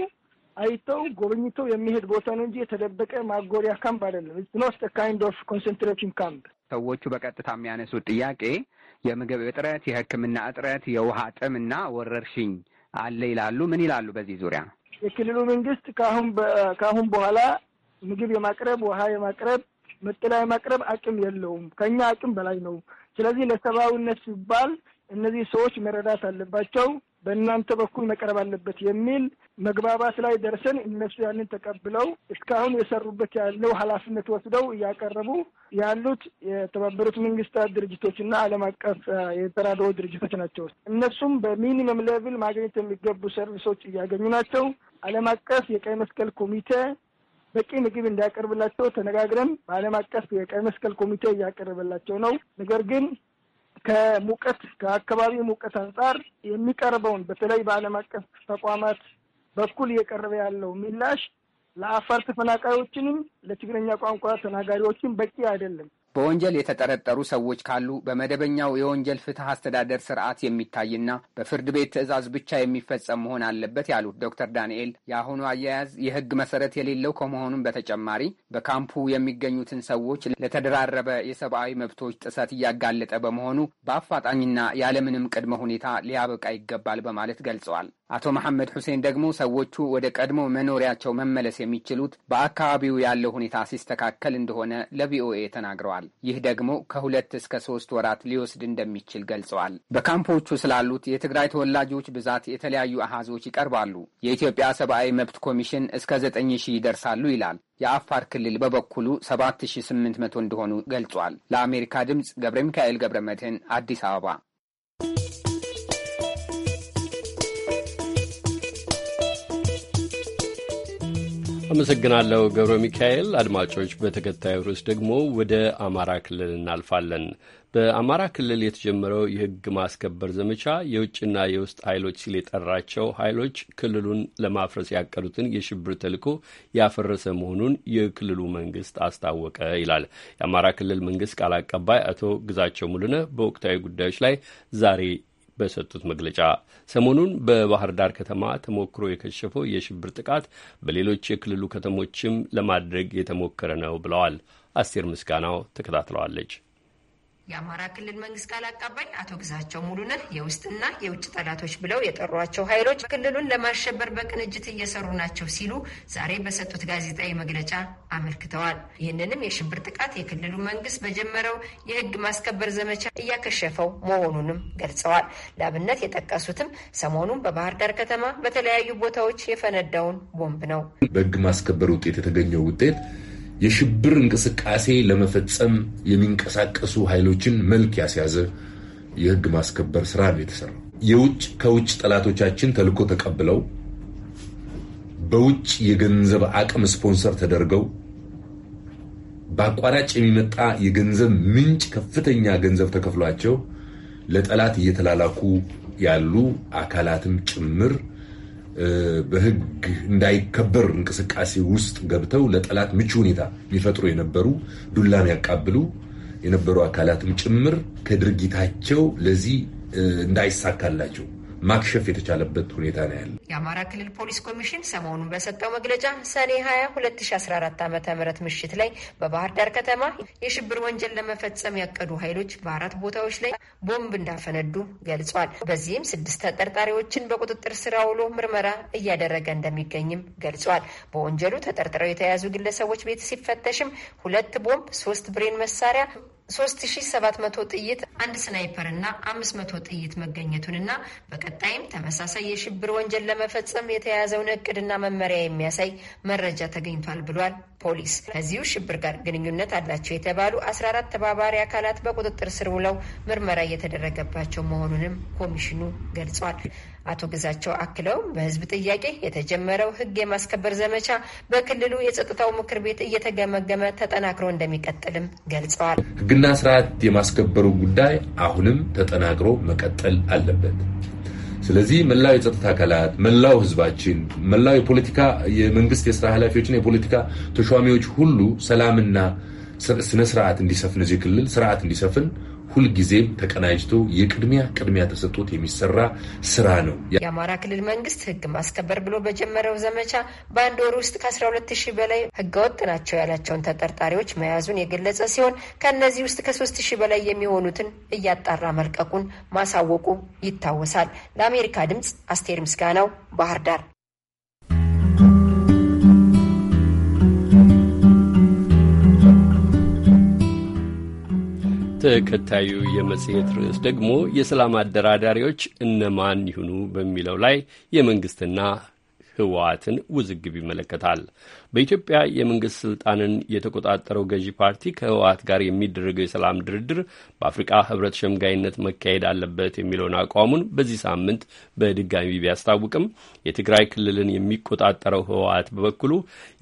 አይተው ጎብኝተው የሚሄድ ቦታ ነው እንጂ የተደበቀ ማጎሪያ ካምፕ አይደለም። ኖት ካይንድ ኦፍ ኮንሰንትሬሽን ካምፕ። ሰዎቹ በቀጥታ የሚያነሱት ጥያቄ የምግብ እጥረት፣ የሕክምና እጥረት፣ የውሃ ጥምና እና ወረርሽኝ አለ ይላሉ። ምን ይላሉ በዚህ ዙሪያ? የክልሉ መንግስት ከአሁን ከአሁን በኋላ ምግብ የማቅረብ ውሃ የማቅረብ መጠለያ የማቅረብ አቅም የለውም፣ ከኛ አቅም በላይ ነው። ስለዚህ ለሰብአዊነት ሲባል እነዚህ ሰዎች መረዳት አለባቸው። በእናንተ በኩል መቀረብ አለበት የሚል መግባባት ላይ ደርሰን እነሱ ያንን ተቀብለው እስካሁን የሰሩበት ያለው ኃላፊነት ወስደው እያቀረቡ ያሉት የተባበሩት መንግስታት ድርጅቶች እና ዓለም አቀፍ የተራድኦ ድርጅቶች ናቸው። እነሱም በሚኒመም ሌቭል ማግኘት የሚገቡ ሰርቪሶች እያገኙ ናቸው። ዓለም አቀፍ የቀይ መስቀል ኮሚቴ በቂ ምግብ እንዲያቀርብላቸው ተነጋግረን በዓለም አቀፍ የቀይ መስቀል ኮሚቴ እያቀረበላቸው ነው። ነገር ግን ከሙቀት ከአካባቢው ሙቀት አንጻር የሚቀርበውን በተለይ በዓለም አቀፍ ተቋማት በኩል እየቀረበ ያለው ምላሽ ለአፋር ተፈናቃዮችንም ለትግረኛ ቋንቋ ተናጋሪዎችም በቂ አይደለም። በወንጀል የተጠረጠሩ ሰዎች ካሉ በመደበኛው የወንጀል ፍትህ አስተዳደር ስርዓት የሚታይና በፍርድ ቤት ትዕዛዝ ብቻ የሚፈጸም መሆን አለበት ያሉት ዶክተር ዳንኤል የአሁኑ አያያዝ የህግ መሰረት የሌለው ከመሆኑም በተጨማሪ በካምፑ የሚገኙትን ሰዎች ለተደራረበ የሰብአዊ መብቶች ጥሰት እያጋለጠ በመሆኑ በአፋጣኝና ያለምንም ቅድመ ሁኔታ ሊያበቃ ይገባል በማለት ገልጸዋል። አቶ መሐመድ ሁሴን ደግሞ ሰዎቹ ወደ ቀድሞ መኖሪያቸው መመለስ የሚችሉት በአካባቢው ያለው ሁኔታ ሲስተካከል እንደሆነ ለቪኦኤ ተናግረዋል። ይህ ደግሞ ከሁለት እስከ ሶስት ወራት ሊወስድ እንደሚችል ገልጸዋል። በካምፖቹ ስላሉት የትግራይ ተወላጆች ብዛት የተለያዩ አሃዞች ይቀርባሉ። የኢትዮጵያ ሰብአዊ መብት ኮሚሽን እስከ ዘጠኝ ሺህ ይደርሳሉ ይላል። የአፋር ክልል በበኩሉ 7800 እንደሆኑ ገልጿል። ለአሜሪካ ድምፅ ገብረ ሚካኤል ገብረ መድህን አዲስ አበባ አመሰግናለሁ ገብረ ሚካኤል። አድማጮች፣ በተከታዩ ርዕስ ደግሞ ወደ አማራ ክልል እናልፋለን። በአማራ ክልል የተጀመረው የሕግ ማስከበር ዘመቻ የውጭና የውስጥ ኃይሎች ሲል የጠራቸው ኃይሎች ክልሉን ለማፍረስ ያቀዱትን የሽብር ተልኮ ያፈረሰ መሆኑን የክልሉ መንግስት አስታወቀ ይላል የአማራ ክልል መንግስት ቃል አቀባይ አቶ ግዛቸው ሙሉነ በወቅታዊ ጉዳዮች ላይ ዛሬ በሰጡት መግለጫ ሰሞኑን በባህር ዳር ከተማ ተሞክሮ የከሸፈው የሽብር ጥቃት በሌሎች የክልሉ ከተሞችም ለማድረግ የተሞከረ ነው ብለዋል። አስቴር ምስጋናው ተከታትለዋለች። የአማራ ክልል መንግስት ቃል አቀባይ አቶ ግዛቸው ሙሉነህ የውስጥና የውጭ ጠላቶች ብለው የጠሯቸው ኃይሎች ክልሉን ለማሸበር በቅንጅት እየሰሩ ናቸው ሲሉ ዛሬ በሰጡት ጋዜጣዊ መግለጫ አመልክተዋል። ይህንንም የሽብር ጥቃት የክልሉ መንግስት በጀመረው የህግ ማስከበር ዘመቻ እያከሸፈው መሆኑንም ገልጸዋል። ለአብነት የጠቀሱትም ሰሞኑን በባህር ዳር ከተማ በተለያዩ ቦታዎች የፈነዳውን ቦምብ ነው። በህግ ማስከበር ውጤት የተገኘው ውጤት የሽብር እንቅስቃሴ ለመፈጸም የሚንቀሳቀሱ ኃይሎችን መልክ ያስያዘ የህግ ማስከበር ስራ ነው የተሰራው። የውጭ ከውጭ ጠላቶቻችን ተልዕኮ ተቀብለው በውጭ የገንዘብ አቅም ስፖንሰር ተደርገው በአቋራጭ የሚመጣ የገንዘብ ምንጭ ከፍተኛ ገንዘብ ተከፍሏቸው ለጠላት እየተላላኩ ያሉ አካላትም ጭምር በህግ እንዳይከበር እንቅስቃሴ ውስጥ ገብተው ለጠላት ምቹ ሁኔታ ሊፈጥሩ የነበሩ ዱላም ያቃብሉ የነበሩ አካላትም ጭምር ከድርጊታቸው ለዚህ እንዳይሳካላቸው ማክሸፍ የተቻለበት ሁኔታ ነው ያለ። የአማራ ክልል ፖሊስ ኮሚሽን ሰሞኑን በሰጠው መግለጫ ሰኔ 20 2014 ዓ ም ምሽት ላይ በባህር ዳር ከተማ የሽብር ወንጀል ለመፈጸም ያቀዱ ኃይሎች በአራት ቦታዎች ላይ ቦምብ እንዳፈነዱ ገልጿል። በዚህም ስድስት ተጠርጣሪዎችን በቁጥጥር ስር አውሎ ምርመራ እያደረገ እንደሚገኝም ገልጿል። በወንጀሉ ተጠርጥረው የተያዙ ግለሰቦች ቤት ሲፈተሽም ሁለት ቦምብ፣ ሶስት ብሬን መሳሪያ ሶስት ሺ ሰባት መቶ ጥይት አንድ ስናይፐር እና አምስት መቶ ጥይት መገኘቱንና በቀጣይም ተመሳሳይ የሽብር ወንጀል ለመፈጸም የተያያዘውን እቅድና መመሪያ የሚያሳይ መረጃ ተገኝቷል ብሏል ፖሊስ። ከዚሁ ሽብር ጋር ግንኙነት አላቸው የተባሉ አስራ አራት ተባባሪ አካላት በቁጥጥር ስር ውለው ምርመራ እየተደረገባቸው መሆኑንም ኮሚሽኑ ገልጿል። አቶ ግዛቸው አክለው በህዝብ ጥያቄ የተጀመረው ህግ የማስከበር ዘመቻ በክልሉ የጸጥታው ምክር ቤት እየተገመገመ ተጠናክሮ እንደሚቀጥልም ገልጸዋል። ህግና ስርዓት የማስከበሩ ጉዳይ አሁንም ተጠናክሮ መቀጠል አለበት። ስለዚህ መላው የጸጥታ አካላት፣ መላው ህዝባችን፣ መላው የፖለቲካ የመንግስት የስራ ኃላፊዎችና የፖለቲካ ተሿሚዎች ሁሉ ሰላምና ስነስርዓት እንዲሰፍን እዚህ ክልል ስርዓት እንዲሰፍን ሁልጊዜም ተቀናጅቶ የቅድሚያ ቅድሚያ ተሰጥቶት የሚሰራ ስራ ነው። የአማራ ክልል መንግስት ህግ ማስከበር ብሎ በጀመረው ዘመቻ በአንድ ወር ውስጥ ከ12 ሺህ በላይ ህገወጥ ናቸው ያላቸውን ተጠርጣሪዎች መያዙን የገለጸ ሲሆን ከእነዚህ ውስጥ ከ3 ሺህ በላይ የሚሆኑትን እያጣራ መልቀቁን ማሳወቁ ይታወሳል። ለአሜሪካ ድምፅ አስቴር ምስጋናው ባህር ዳር ተከታዩ የመጽሔት ርዕስ ደግሞ የሰላም አደራዳሪዎች እነማን ይሁኑ በሚለው ላይ የመንግሥትና ህወሓትን ውዝግብ ይመለከታል። በኢትዮጵያ የመንግስት ስልጣንን የተቆጣጠረው ገዢ ፓርቲ ከህወሓት ጋር የሚደረገው የሰላም ድርድር በአፍሪቃ ህብረት ሸምጋይነት መካሄድ አለበት የሚለውን አቋሙን በዚህ ሳምንት በድጋሚ ቢያስታውቅም የትግራይ ክልልን የሚቆጣጠረው ህወሓት በበኩሉ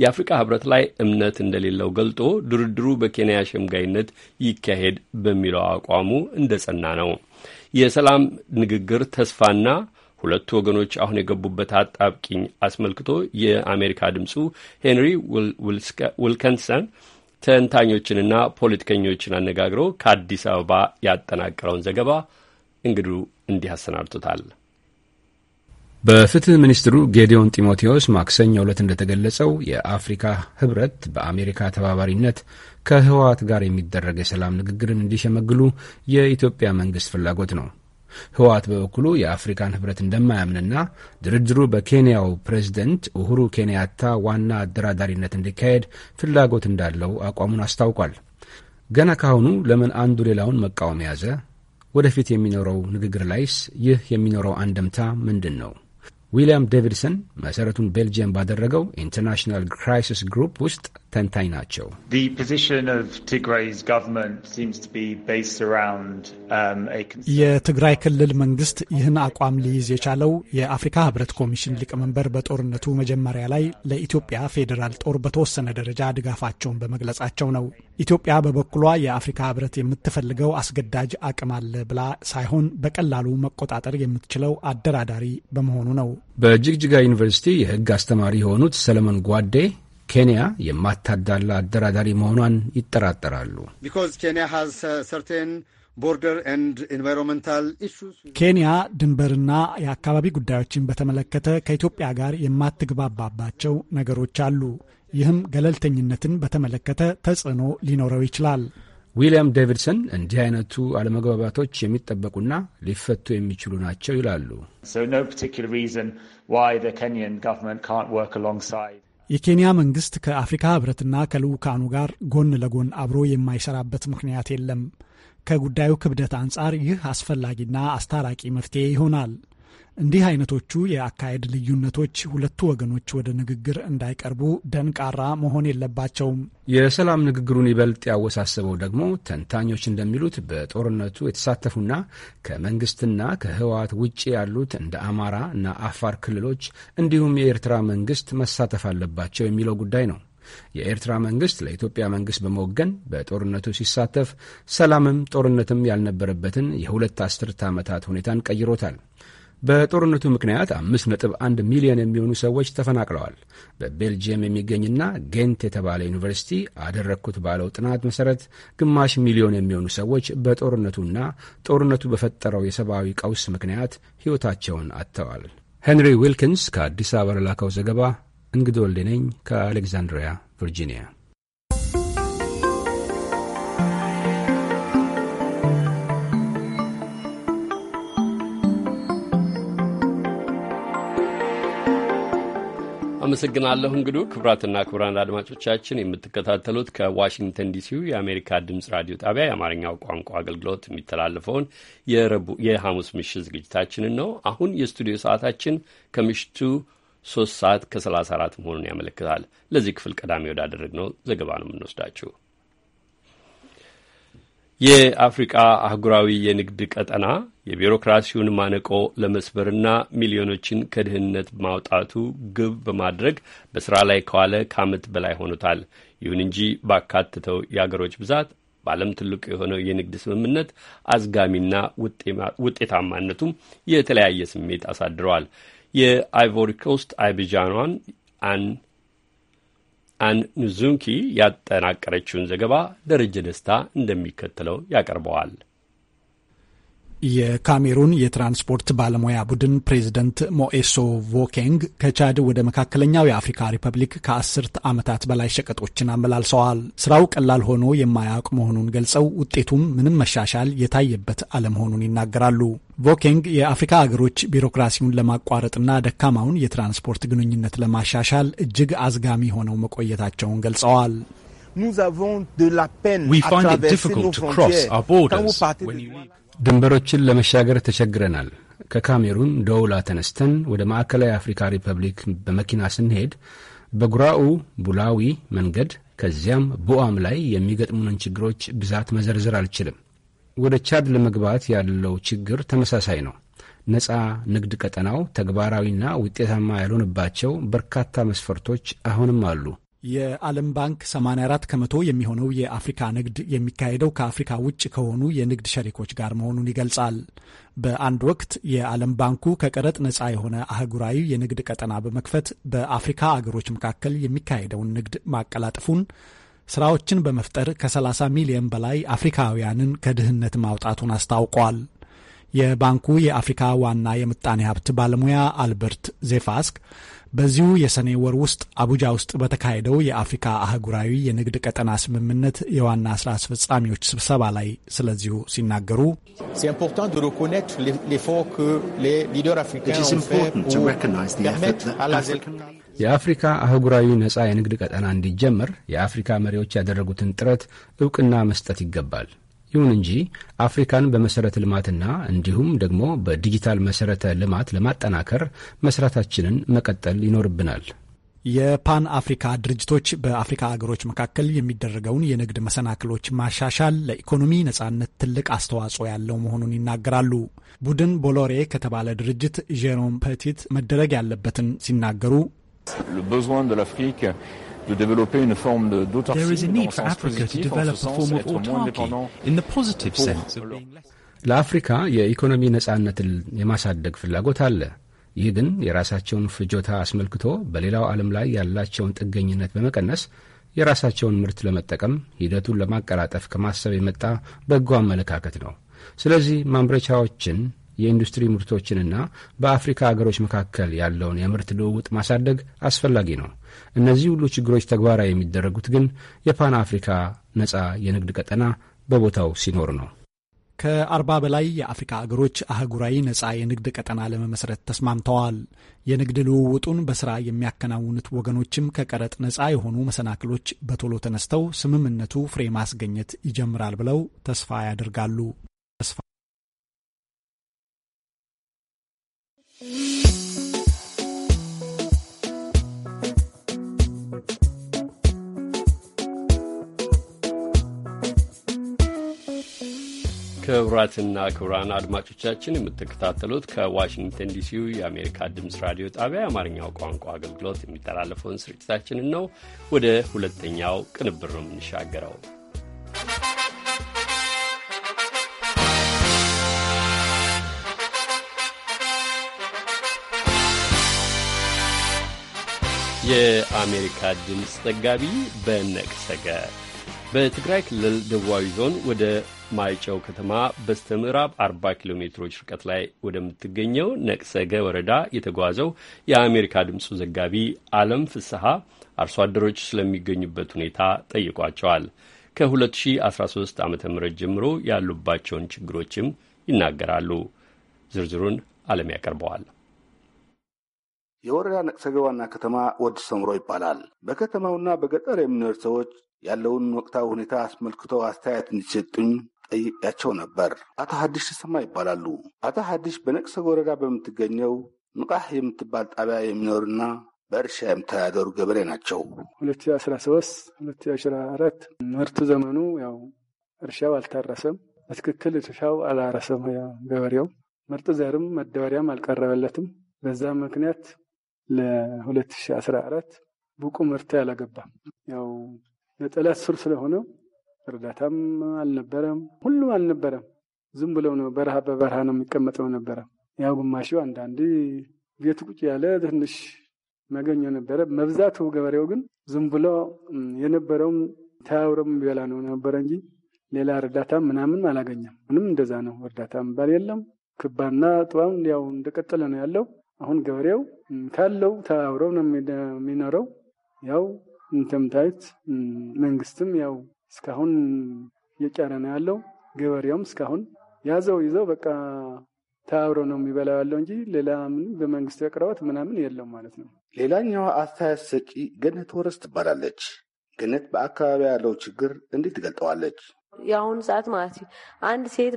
የአፍሪቃ ህብረት ላይ እምነት እንደሌለው ገልጦ ድርድሩ በኬንያ ሸምጋይነት ይካሄድ በሚለው አቋሙ እንደጸና ነው። የሰላም ንግግር ተስፋና ሁለቱ ወገኖች አሁን የገቡበት አጣብቂኝ አስመልክቶ የአሜሪካ ድምፁ ሄንሪ ዊልከንሰን ተንታኞችንና ፖለቲከኞችን አነጋግሮ ከአዲስ አበባ ያጠናቀረውን ዘገባ እንግዱ እንዲህ አሰናድቶታል። በፍትህ ሚኒስትሩ ጌዲዮን ጢሞቴዎስ ማክሰኞ ዕለት እንደተገለጸው የአፍሪካ ህብረት በአሜሪካ ተባባሪነት ከህወሓት ጋር የሚደረግ የሰላም ንግግርን እንዲሸመግሉ የኢትዮጵያ መንግስት ፍላጎት ነው። ህወሓት በበኩሉ የአፍሪካን ህብረት እንደማያምንና ድርድሩ በኬንያው ፕሬዝደንት ኡሁሩ ኬንያታ ዋና አደራዳሪነት እንዲካሄድ ፍላጎት እንዳለው አቋሙን አስታውቋል። ገና ካሁኑ ለምን አንዱ ሌላውን መቃወም ያዘ? ወደፊት የሚኖረው ንግግር ላይስ ይህ የሚኖረው አንድምታ ምንድን ነው? ዊልያም ዴቪድሰን መሠረቱን ቤልጅየም ባደረገው ኢንተርናሽናል ክራይሲስ ግሩፕ ውስጥ ተንታኝ ናቸው። um, የትግራይ ክልል መንግስት ይህን አቋም ሊይዝ የቻለው የአፍሪካ ህብረት ኮሚሽን ሊቀመንበር በጦርነቱ መጀመሪያ ላይ ለኢትዮጵያ ፌዴራል ጦር በተወሰነ ደረጃ ድጋፋቸውን በመግለጻቸው ነው። ኢትዮጵያ በበኩሏ የአፍሪካ ህብረት የምትፈልገው አስገዳጅ አቅም አለ ብላ ሳይሆን በቀላሉ መቆጣጠር የምትችለው አደራዳሪ በመሆኑ ነው። በጅግጅጋ ዩኒቨርሲቲ የህግ አስተማሪ የሆኑት ሰለሞን ጓዴ ኬንያ የማታዳላ አደራዳሪ መሆኗን ይጠራጠራሉ። uh, ኬንያ ድንበርና የአካባቢ ጉዳዮችን በተመለከተ ከኢትዮጵያ ጋር የማትግባባባቸው ነገሮች አሉ። ይህም ገለልተኝነትን በተመለከተ ተጽዕኖ ሊኖረው ይችላል። ዊልያም ዴቪድሰን እንዲህ አይነቱ አለመግባባቶች የሚጠበቁና ሊፈቱ የሚችሉ ናቸው ይላሉ። የኬንያ መንግስት ከአፍሪካ ህብረትና ከልዑካኑ ጋር ጎን ለጎን አብሮ የማይሰራበት ምክንያት የለም። ከጉዳዩ ክብደት አንጻር ይህ አስፈላጊና አስታራቂ መፍትሄ ይሆናል። እንዲህ አይነቶቹ የአካሄድ ልዩነቶች ሁለቱ ወገኖች ወደ ንግግር እንዳይቀርቡ ደንቃራ መሆን የለባቸውም። የሰላም ንግግሩን ይበልጥ ያወሳሰበው ደግሞ ተንታኞች እንደሚሉት በጦርነቱ የተሳተፉና ከመንግስትና ከህወሓት ውጭ ያሉት እንደ አማራ እና አፋር ክልሎች እንዲሁም የኤርትራ መንግስት መሳተፍ አለባቸው የሚለው ጉዳይ ነው። የኤርትራ መንግስት ለኢትዮጵያ መንግስት በመወገን በጦርነቱ ሲሳተፍ ሰላምም ጦርነትም ያልነበረበትን የሁለት አስርት ዓመታት ሁኔታን ቀይሮታል። በጦርነቱ ምክንያት አምስት አንድ ሚሊዮን የሚሆኑ ሰዎች ተፈናቅለዋል። በቤልጅየም የሚገኝና ጌንት የተባለ ዩኒቨርሲቲ አደረግኩት ባለው ጥናት መሠረት ግማሽ ሚሊዮን የሚሆኑ ሰዎች በጦርነቱና ጦርነቱ በፈጠረው የሰብአዊ ቀውስ ምክንያት ሕይወታቸውን አጥተዋል። ሄንሪ ዊልኪንስ ከአዲስ አበባ ለላከው ዘገባ እንግዶልዴ ነኝ ከአሌክዛንድሪያ ቨርጂኒያ አመሰግናለሁ እንግዱ። ክቡራትና ክቡራን አድማጮቻችን የምትከታተሉት ከዋሽንግተን ዲሲው የአሜሪካ ድምፅ ራዲዮ ጣቢያ የአማርኛው ቋንቋ አገልግሎት የሚተላለፈውን የሐሙስ ምሽት ዝግጅታችንን ነው። አሁን የስቱዲዮ ሰዓታችን ከምሽቱ ሶስት ሰዓት ከሰላሳ አራት መሆኑን ያመለክታል። ለዚህ ክፍል ቀዳሚ ወዳደረግ ነው ዘገባ ነው የምንወስዳችሁ። የአፍሪቃ አህጉራዊ የንግድ ቀጠና የቢሮክራሲውን ማነቆ ለመስበርና ሚሊዮኖችን ከድህነት ማውጣቱ ግብ በማድረግ በስራ ላይ ከዋለ ከዓመት በላይ ሆኖታል። ይሁን እንጂ ባካተተው የአገሮች ብዛት በዓለም ትልቁ የሆነው የንግድ ስምምነት አዝጋሚና ውጤታማነቱም የተለያየ ስሜት አሳድረዋል። የአይቮሪ ኮስት አቢጃኗን አን አንኑዙንኪ ያጠናቀረችውን ዘገባ ደረጀ ደስታ እንደሚከተለው ያቀርበዋል። የካሜሩን የትራንስፖርት ባለሙያ ቡድን ፕሬዝደንት ሞኤሶ ቮኬንግ ከቻድ ወደ መካከለኛው የአፍሪካ ሪፐብሊክ ከአስርት ዓመታት በላይ ሸቀጦችን አመላልሰዋል። ስራው ቀላል ሆኖ የማያውቅ መሆኑን ገልጸው ውጤቱም ምንም መሻሻል የታየበት አለመሆኑን ይናገራሉ። ቮኬንግ የአፍሪካ አገሮች ቢሮክራሲውን ለማቋረጥና ደካማውን የትራንስፖርት ግንኙነት ለማሻሻል እጅግ አዝጋሚ ሆነው መቆየታቸውን ገልጸዋል። ድንበሮችን ለመሻገር ተቸግረናል። ከካሜሩን ዶውላ ተነስተን ወደ ማዕከላዊ አፍሪካ ሪፐብሊክ በመኪና ስንሄድ በጉራኡ ቡላዊ መንገድ ከዚያም ቡአም ላይ የሚገጥሙንን ችግሮች ብዛት መዘርዘር አልችልም። ወደ ቻድ ለመግባት ያለው ችግር ተመሳሳይ ነው። ነፃ ንግድ ቀጠናው ተግባራዊና ውጤታማ ያልሆነባቸው በርካታ መስፈርቶች አሁንም አሉ። የዓለም ባንክ 84 ከመቶ የሚሆነው የአፍሪካ ንግድ የሚካሄደው ከአፍሪካ ውጭ ከሆኑ የንግድ ሸሪኮች ጋር መሆኑን ይገልጻል። በአንድ ወቅት የዓለም ባንኩ ከቀረጥ ነፃ የሆነ አህጉራዊ የንግድ ቀጠና በመክፈት በአፍሪካ አገሮች መካከል የሚካሄደውን ንግድ ማቀላጠፉን ስራዎችን በመፍጠር ከ30 ሚሊዮን በላይ አፍሪካውያንን ከድህነት ማውጣቱን አስታውቋል። የባንኩ የአፍሪካ ዋና የምጣኔ ሀብት ባለሙያ አልበርት ዜፋስክ በዚሁ የሰኔ ወር ውስጥ አቡጃ ውስጥ በተካሄደው የአፍሪካ አህጉራዊ የንግድ ቀጠና ስምምነት የዋና ስራ አስፈጻሚዎች ስብሰባ ላይ ስለዚሁ ሲናገሩ የአፍሪካ አህጉራዊ ነጻ የንግድ ቀጠና እንዲጀመር የአፍሪካ መሪዎች ያደረጉትን ጥረት እውቅና መስጠት ይገባል። ይሁን እንጂ አፍሪካን በመሠረተ ልማትና እንዲሁም ደግሞ በዲጂታል መሠረተ ልማት ለማጠናከር መስራታችንን መቀጠል ይኖርብናል። የፓን አፍሪካ ድርጅቶች በአፍሪካ አገሮች መካከል የሚደረገውን የንግድ መሰናክሎች ማሻሻል ለኢኮኖሚ ነጻነት ትልቅ አስተዋጽኦ ያለው መሆኑን ይናገራሉ። ቡድን ቦሎሬ ከተባለ ድርጅት ጄሮም ፐቲት መደረግ ያለበትን ሲናገሩ Le besoin de l'Afrique There is une need for ለአፍሪካ የኢኮኖሚ ነጻነትን የማሳደግ ፍላጎት አለ። ይህ ግን የራሳቸውን ፍጆታ አስመልክቶ በሌላው ዓለም ላይ ያላቸውን ጥገኝነት በመቀነስ የራሳቸውን ምርት ለመጠቀም ሂደቱን ለማቀላጠፍ ከማሰብ የመጣ በጎ አመለካከት ነው። ስለዚህ ማምረቻዎችን የኢንዱስትሪ ምርቶችንና በአፍሪካ አገሮች መካከል ያለውን የምርት ልውውጥ ማሳደግ አስፈላጊ ነው። እነዚህ ሁሉ ችግሮች ተግባራዊ የሚደረጉት ግን የፓን አፍሪካ ነጻ የንግድ ቀጠና በቦታው ሲኖር ነው። ከአርባ በላይ የአፍሪካ አገሮች አህጉራዊ ነጻ የንግድ ቀጠና ለመመስረት ተስማምተዋል። የንግድ ልውውጡን በስራ የሚያከናውኑት ወገኖችም ከቀረጥ ነጻ የሆኑ መሰናክሎች በቶሎ ተነስተው ስምምነቱ ፍሬ ማስገኘት ይጀምራል ብለው ተስፋ ያደርጋሉ። ተስፋ ክቡራትና ክቡራን አድማጮቻችን የምትከታተሉት ከዋሽንግተን ዲሲው የአሜሪካ ድምፅ ራዲዮ ጣቢያ የአማርኛው ቋንቋ አገልግሎት የሚተላለፈውን ስርጭታችንን ነው። ወደ ሁለተኛው ቅንብር ነው የምንሻገረው። የአሜሪካ ድምፅ ዘጋቢ በነቅሰገ በትግራይ ክልል ደቡባዊ ዞን ወደ ማይጨው ከተማ በስተ ምዕራብ 40 ኪሎ ሜትሮች ርቀት ላይ ወደምትገኘው ነቅሰገ ወረዳ የተጓዘው የአሜሪካ ድምፁ ዘጋቢ አለም ፍስሐ አርሶ አደሮች ስለሚገኙበት ሁኔታ ጠይቋቸዋል። ከ2013 ዓ ም ጀምሮ ያሉባቸውን ችግሮችም ይናገራሉ። ዝርዝሩን አለም ያቀርበዋል። የወረዳ ነቅሰገ ዋና ከተማ ወድ ሰምሮ ይባላል። በከተማውና በገጠር የሚኖር ሰዎች ያለውን ወቅታዊ ሁኔታ አስመልክቶ አስተያየት እንዲሰጡኝ ጠይቄያቸው ነበር። አቶ ሀዲሽ ተሰማ ይባላሉ። አቶ ሀዲሽ በነቅሰገ ወረዳ በምትገኘው ንቃህ የምትባል ጣቢያ የሚኖርና በእርሻ የምተዳደሩ ገበሬ ናቸው። 2013 ሺ ዘመኑ ያው እርሻው አልታረሰም፣ በትክክል እርሻው አላረሰም። ገበሬው ምርጥ ዘርም መደበሪያም አልቀረበለትም። በዛ ምክንያት ለ2014 ብቁ ምርት አላገባም። ያው ለጠላት ስር ስለሆነ እርዳታም አልነበረም፣ ሁሉም አልነበረም። ዝም ብለው ነው በረሃ በበረሃ ነው የሚቀመጠው ነበረ። ያው ግማሹ አንዳንድ ቤት ቁጭ ያለ ትንሽ መገኘ ነበረ። መብዛቱ ገበሬው ግን ዝም ብሎ የነበረውም ተያውረም ቢበላ ነው ነበረ እንጂ ሌላ እርዳታ ምናምን አላገኘም። ምንም እንደዛ ነው። እርዳታ የሚባል የለም። ክባና ጥዋም ያው እንደቀጠለ ነው ያለው። አሁን ገበሬው ካለው ተባብረው ነው የሚኖረው። ያው እንደምታዩት መንግስትም ያው እስካሁን እየጫረ ነው ያለው። ገበሬውም እስካሁን ያዘው ይዘው በቃ ተባብሮ ነው የሚበላው ያለው እንጂ ሌላ ምን በመንግስት ቅርበት ምናምን የለው ማለት ነው። ሌላኛዋ አስተያየት ሰጪ ገነት ወረስ ትባላለች። ገነት በአካባቢ ያለው ችግር እንዴት ትገልጠዋለች? የአሁኑ ሰዓት ማለት አንድ ሴት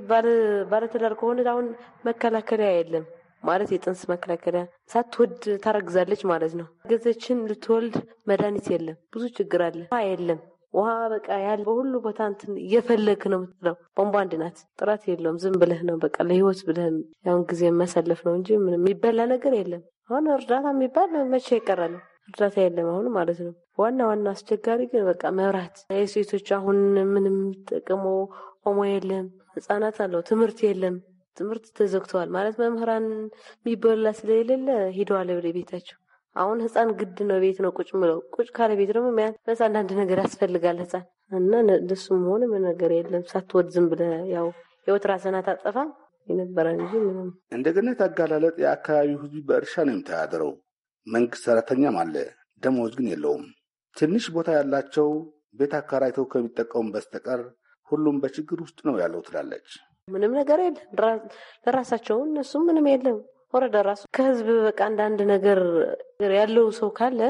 ባለትዳር ከሆነ አሁን መከላከያ የለም ማለት የፅንስ መከላከያ ሳትወድ ታረግዛለች ማለት ነው። ገዘችን ልትወልድ መድኃኒት የለም። ብዙ ችግር አለ። የለም ውሃ በቃ ያለ በሁሉ ቦታ እንትን እየፈለግ ነው ምትለው ቧንቧ አንድ ናት። ጥራት የለውም። ዝም ብለህ ነው በቃ ለህይወት ብለህ ያሁን ጊዜ መሰለፍ ነው እንጂ ምንም የሚበላ ነገር የለም። አሁን እርዳታ የሚባል መቼ ይቀራል? እርዳታ የለም አሁን ማለት ነው። ዋና ዋና አስቸጋሪ ግን በቃ መብራት፣ የሴቶች አሁን ምንም ጥቅሞ ሆሞ የለም። ህጻናት አለው ትምህርት የለም። ትምህርት ተዘግተዋል ማለት መምህራን የሚበላ ስለሌለ ሂደዋል ወደ ቤታቸው። አሁን ህፃን ግድ ነው ቤት ነው ቁጭ ምለው ቁጭ ካለ ቤት ደግሞ ቢያንስ አንዳንድ ነገር ያስፈልጋል ህፃን እና ደሱም ሆነ ምን ነገር የለም። ሳትወድ ዝም ብለ ያው ህይወት ራስህን አታጠፋም የነበረ እንጂ ምንም። አጋላለጥ የአካባቢው ህዝብ በእርሻ ነው የሚተዳደረው። መንግስት ሰራተኛም አለ፣ ደሞዝ ግን የለውም። ትንሽ ቦታ ያላቸው ቤት አከራይተው ከሚጠቀሙ በስተቀር ሁሉም በችግር ውስጥ ነው ያለው ትላለች። ምንም ነገር የለም። ለራሳቸው እነሱም ምንም የለም። ወረዳ ራሱ ከህዝብ በቃ አንዳንድ ነገር ያለው ሰው ካለ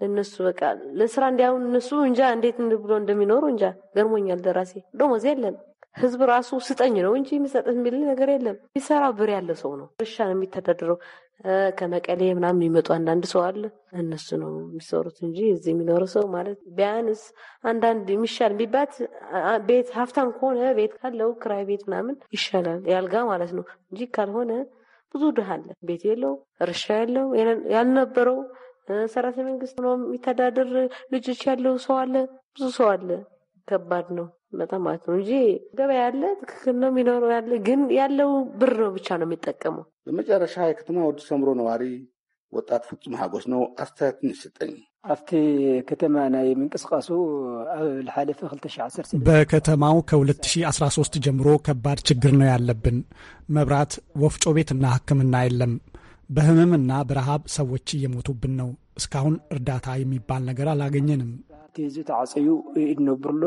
ለእነሱ በቃ ለስራ እንዲያሁን እነሱ እንጃ እንዴት ብሎ እንደሚኖሩ እንጃ ገርሞኛል። ደራሴ ደሞዝ የለም። ህዝብ ራሱ ስጠኝ ነው እንጂ የሚሰጥህ የሚል ነገር የለም። የሚሰራ ብር ያለ ሰው ነው እርሻ ነው የሚተዳደረው። ከመቀሌ ምናምን የሚመጡ አንዳንድ ሰው አለ። እነሱ ነው የሚሰሩት እንጂ እዚህ የሚኖረው ሰው ማለት ቢያንስ አንዳንድ የሚሻል ቢባት ቤት ሀብታም ከሆነ ቤት ካለው ክራይ ቤት ምናምን ይሻላል ያልጋ ማለት ነው እንጂ ካልሆነ ብዙ ድሃ አለ። ቤት የለው፣ እርሻ የለው፣ ያልነበረው ሰራተ መንግስት ነው የሚተዳደር ልጆች ያለው ሰው አለ፣ ብዙ ሰው አለ። ከባድ ነው። በጣም ማለት ነው እንጂ ገበያ ያለ ትክክል ነው የሚኖረው ያለ ግን ያለው ብር ነው ብቻ ነው የሚጠቀመው። በመጨረሻ የከተማ ወዲ ሰምሮ ነዋሪ ወጣት ፍጹም ሀጎስ ነው አስተያየት ንስጠኝ ኣብቲ ከተማ ናይ ምንቅስቃሱ ኣብ ዝሓለፈ 2 በከተማው ከ2013 ጀምሮ ከባድ ችግር ነው ያለብን። መብራት፣ ወፍጮ ቤትና ሕክምና የለም። በህመምና በረሃብ ሰዎች እየሞቱብን ነው። እስካሁን እርዳታ የሚባል ነገር አላገኘንም። እቲ ተዓፀዩ ኢድነብርሎ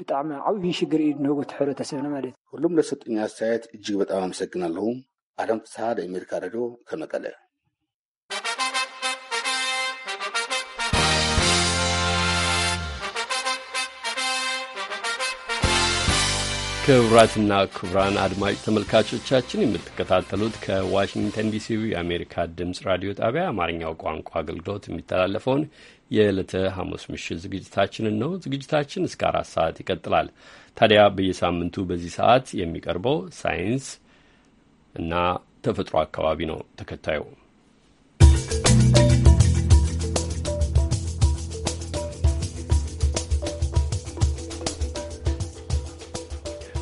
ብጣዕሚ ዓብዪ ሽግር ኢድነጎት ሕብረተሰብና ማለት ሁሉም ለሰጡኝ አስተያየት እጅግ በጣም አመሰግናለሁ። አዳም ፍስሐ ለአሜሪካ ሬዲዮ ከመቀለ ክቡራትና ክቡራን አድማጭ ተመልካቾቻችን የምትከታተሉት ከዋሽንግተን ዲሲው የአሜሪካ ድምፅ ራዲዮ ጣቢያ አማርኛው ቋንቋ አገልግሎት የሚተላለፈውን የዕለተ ሐሙስ ምሽት ዝግጅታችንን ነው። ዝግጅታችን እስከ አራት ሰዓት ይቀጥላል። ታዲያ በየሳምንቱ በዚህ ሰዓት የሚቀርበው ሳይንስ እና ተፈጥሮ አካባቢ ነው ተከታዩ